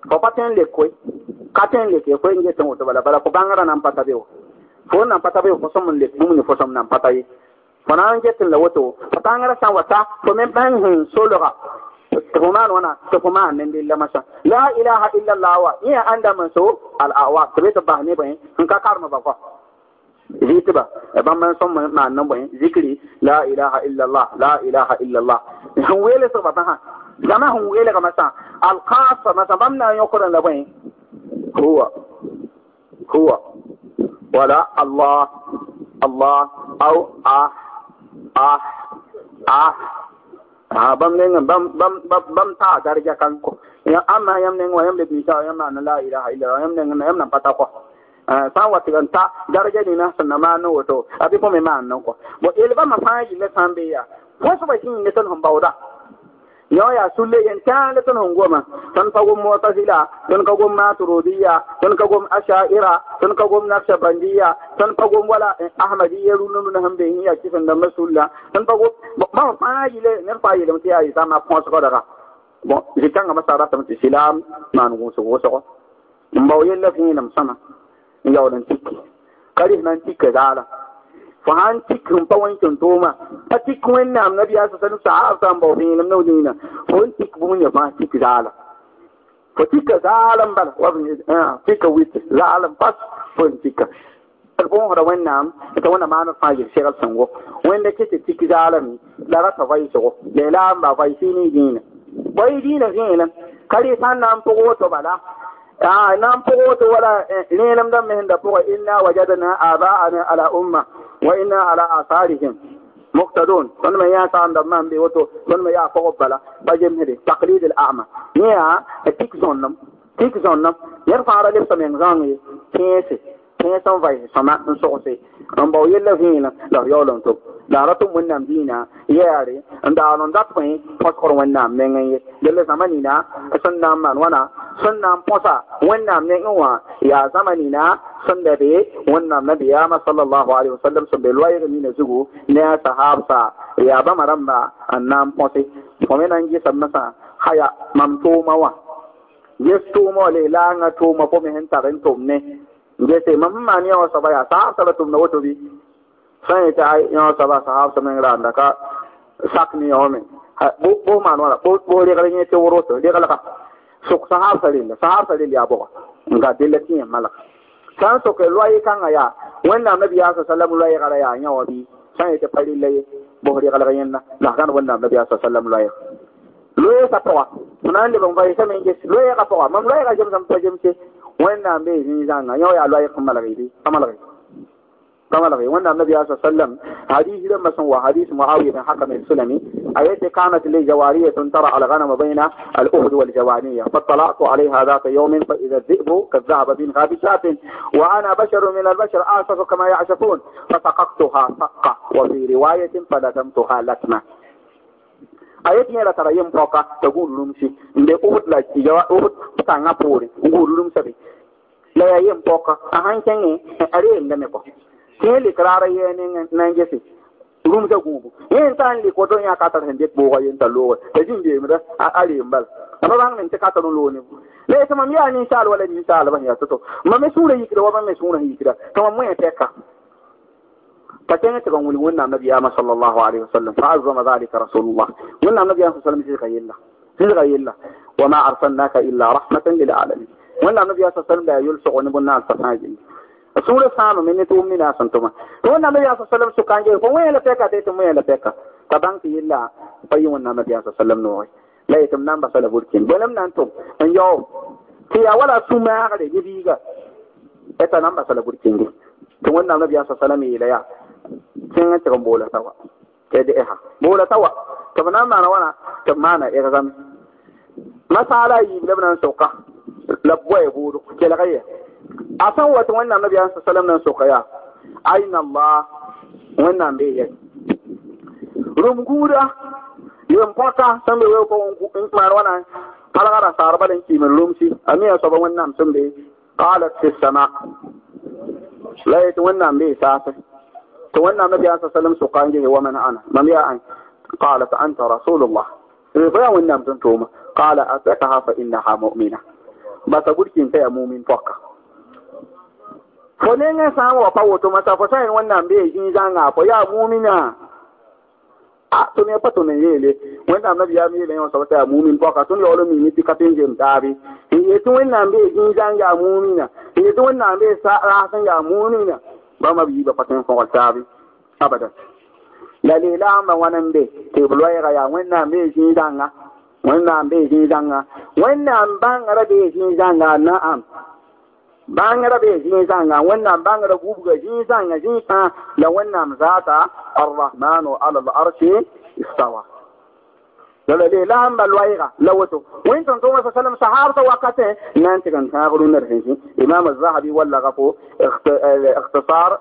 bapaten le koy katen le ke koy nge tan wota bala bala ko bangara nan pata be fo nan pata be fosom mun le mun ni fosom nan pata yi fona nge tan la woto patangara san wata ko men ban hin solora tukuman wana tukuman min dilla masa la ilaha illa allah wa ya anda man so al awa tabe to bahne ba hin ka karma ba ko zitiba e ban man son ma nan ba zikri la ilaha illa allah la ilaha illa allah hin wele so ba ha zama hin wele ga masa alkhasa na sabam na na da bai huwa huwa wala allah allah au ah ah ah a bam ne bam bam bam ta darja kan ko ya amma yam ne wa yam da bisa yam na la ilaha illa yam ne yam na pata ko san wati kan ta darja ni na sanna ma no to abi ko me ma nan ko bo ilba ma fa yi ne san be ya wasu ba shi ne san hon bawda yo ya sulle yen tale ton hongoma ton ka gum mu'tazila ton ka gum maturidiyya ton ka gum asha'ira ton ka gum naqshbandiyya ton ka gum wala eh, ahmadiyya runun nan hambe yin ya kifin da masulla ton ka gum ma fa yile ne fa yile mutiya yi sama pon so daga bon jikanga masara tam ti silam man gum so so mbaw yella fi nam sama yawdan tikki kari nan tikka dala ko han tikin pa wan kin toma pa tikin wen nam nabi ya san sa san ba fin nam nawni na fon tik bun ya fa tik zala fo tika zalam bal wa bin eh, tika wit zalam pas fon tika alfon hada wen nam ita wana mana fa ya shegal sango wen da kete tik zalam la rata vai so le la ba vai sini dina bai dina gina kare san ah, eh, nam to woto bala nan fogoto wala nenam dan mehen da fogo inna wajadna aba'ana ala umma Wa inna ala asalihim. Muktadoun. Sonman ya saan damman biwotou. Sonman ya fokop bala. Bajem hili. Taklidil a'ma. Nye a. A e tik zonnam. Tik zonnam. Yer fa ralip sa men zangye. Tensi. Tensi an vay. Sama'n sou se. An baw yel la vina. La vyo lantou. La ratou mwen nam dina. Ye a re. An da alon datwen. Pochor mwen nam men ngeye. Yel la zamanina. A sonnam man wana. Sonnam posa. Mwen nam men yonwa. Ya zamanina. sondere wannan na biyama sallallahu alaihi wasallam sondere loyre ni ne zugu ne sahabsa ya ba maramma annam mose ko men angi samnasa haya mam to mawa yes to mo le la nga to ma po men taren to ne jese mam ma ni wa sabaya sa sa to na woto bi sai ta ai yo saba sahabsa men randa ka sakni yo men bo bo man wala bo bo re kala ni te woro to de kala ka sok sahabsa le sahabsa le ya bo nga de le ti malaka san so ke loye kanga ya wanda nabi ya sallallahu alaihi wasallam ya nya wabi san yake fari laye bohri kala ganna la kan na, nabi ya sallallahu alaihi loye sa pawa sunan le ban bai sa men loye ka pawa mam loye ka jam sam pa jam ce wanda be ni zanga nya ya loye kamala gaidi kamala gaidi kama lagi wannan annabi ya sallam hadisi da masan wa hadisi muawiya bin hakam al-sulami ayati kanat li jawariyatun tara al-ghanam bayna al-uhd wal jawaniya fa fattala'tu alayha ذات يوم فاذا الذئب كالذهب بين غابشات وانا بشر من البشر اعشف كما يعشفون فسققتها سقه وفي روايه فلتمتها لتمه ayeti yẽra tara yem pɔka t'a gũud lumsi n de ubd la ubd tãngã poore n gũud lumsabe la yaa yem pɔka a sãn kẽngẽ a me ko tin li krara nange si rum ta gubu yin tan li ko don ya katar hande bo ga ta lo ta jin je mira ali mbal amma ban min ta katar lo ne le ta mam ya ni sal wala ni sal ban ya to ma me sura yikira wa ma me sura yikira kama mu ya ka ta ken ta gon wuli wannan annabi ya ma sallallahu alaihi wasallam fa azzama zalika rasulullah wannan nabi ya sallallahu alaihi wasallam sai yilla sai yilla wa ma arsalnaka illa rahmatan lil alamin wannan annabi ya sallallahu alaihi wasallam da yulsu wani bunna al-fasajin sura sanu min to min asan to ma to nabi ya sallam su kanje ko wai la peka dai to mai la peka ta banki illa bayyun nabi ya sallam no la yitum nan ba sala burkin bolam nan to an yo ti ya wala su ma ga de biga eta nan ba sala burkin di to wannan nabi ya sallam ila ya kin ga cikin bola tawa ke da eha bola tawa to nan ma na wana to mana e ga zam masala yi da nan sauka labwa ya buru ke la gaya a san wata wannan nabi ya sallam nan so kaya aina Allah wannan bai yi rumgura yin fata san bai yau ko in mar wannan kalgara sarbalin kimin rumsi miya saba wannan sun bai kalar fi sama ta wannan bai sasa ta wannan nabi ya sallam so kan gini wa mana ana ma miya an an anta rasulullah eh, bai wannan sun toma qala atakaha fa ha mu'mina ba ta gurkin ta ya mu'min fakka onenye sa ahụ ọpa woto mata fọsa yi nwanna mbe eji nza nga afọ ya mumi na a tuni epa tuni ye ele wanda mbe ya mele yon sabata ya mumi mpo ka tuni olo mi ni tika tinje mtabi ye tu wanna mbe eji nza nga mumi na ye tu wanna mbe sa rasan ya mumi na ba ma bi ba patin ko tabi abada la le la ma wanan be te bulwaya e ya wanna mbe eji nza nga wanna mbe eji nza nga wanna mbangara be eji nza nga na'am bangara be jin sanga wannan bangara gubu ga jin sanga jin sa da wannan zata arrahmanu ala al-arshi istawa lala le la hamba lwaira la wato wani tanto masa salam sahabta wakate nan tikan tagru na hinji imam az-zahabi walla gafo ikhtisar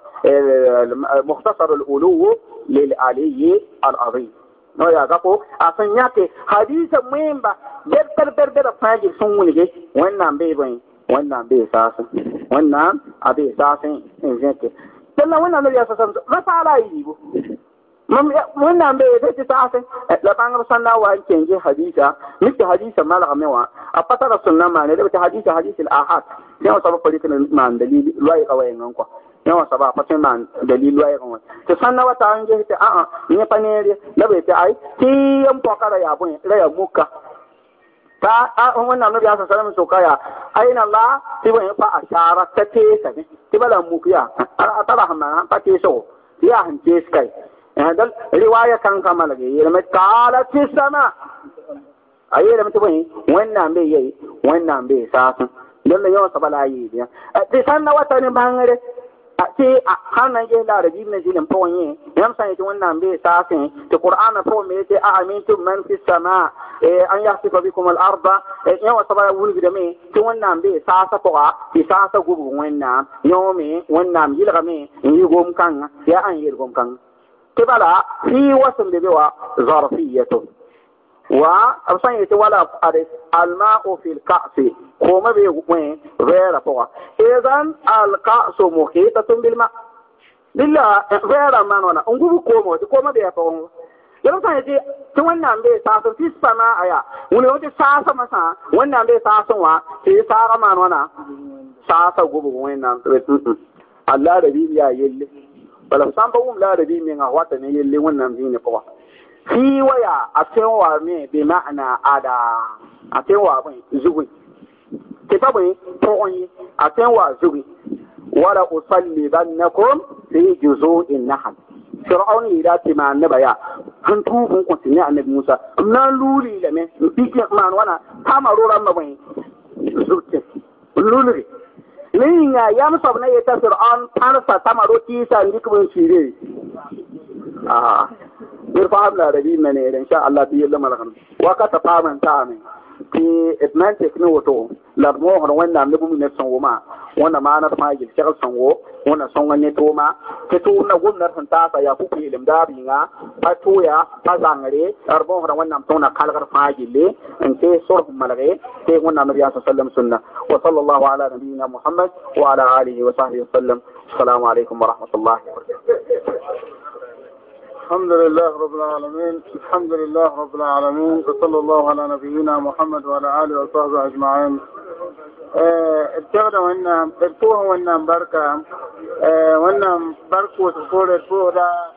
mukhtasar al-ulu lil ali al-azim no ya gafo asan yake hadisa muhimba berber berber faji sun wuni wannan bai bai wannan bai sasin wannan a sasin in jinke dalla wannan nabi sallallahu alaihi wasallam rafa ala yi bo wannan bai zai ta sasin eh, da rasan na wa yake je hadisa miki hadisa mara mewa a fasara sunan ma ne da hadisa hadisa al'ahad ahad sai wa sabu ma dalili ruwai kawai nan kwa yawa saba fatin ma dalilu ai kan to sanna wata an je ta a fa ne panere da bai ta ai ti yan pokara ya bun ra ya muka ta an wannan annabi sallallahu alaihi wasallam sokaya aina Allah tiba ya fa ashara ta ke sabi tiba la mukiya atara hamma ta ke so ya han ke skai eh, dal riwaya kan kama lage yelma kala fi sama ayi da mutum wannan bai yayi wannan bai sasu dan da yawa sabala yi eh, biya ti sanna wata ne bangare ate har nan je la rabi min jilin pon yin yam san yake wannan be safin to qur'ana pon me yake a amintu man fi sama eh, an yasifa bikum al arda eh, yawa sabaya wulgi da me to wannan be sasa poa ti sasa gubu wannan yomi wannan yilga me yi gom kan ya an yir gom kan tibala fi wasan da bewa zarfiyatun wa asan yete wala ades alma'u fil ka'si ko ma be gwen vera poa idan al ka'su muhitatun bil ma lilla vera man wala ungu ko mo ko ma be ya poa yaro san yete ti wannan be sasun ti na aya wani sa sasa masa wannan be sasun wa ti sara man wana sa sa gubu wannan Allah da bibiya yalle bala san ba um la da bibiya min a wata ne yalle wannan bibiya ne fi waya a cikin wa me bi ma'ana ada a cikin wa bin zuwi ke ta bin to yi a cikin wa zuwi wala usalli bannakum fi juzu'in nahl fir'aun yi da ti ma annaba ya han tu bun ko annabi musa na luli la me biki man wana ta ma rora ma bin zuwi luli ni ya yam sabna yata fir'aun tan sa ta ma sa ndikubun shire ah irfa abla rabi mene in sha Allah bi yalla malakan wa ka ta faman ta amin ti itman tekne woto la mo hono wanda ne bumi ne songo ma wanda ma na ma yil shagal songo wanda songo ne to ma ke to na gumna tan ta sa ya ku ku ilim da bi nga pa to ya pa zangare ar mo hono wanda to na kalgar fa yille in ke sur malare ke wanda nabi sallallahu sunna wa sallallahu ala nabiyyina muhammad wa ala alihi wa sahbihi sallam assalamu alaikum wa rahmatullahi wa barakatuh الحمد لله رب العالمين الحمد لله رب العالمين وصلى الله على نبينا محمد وعلى آله وصحبه أجمعين آه، ابتغنا وانا ارتوه وانا مباركة وانا مباركة وتفور ارتوه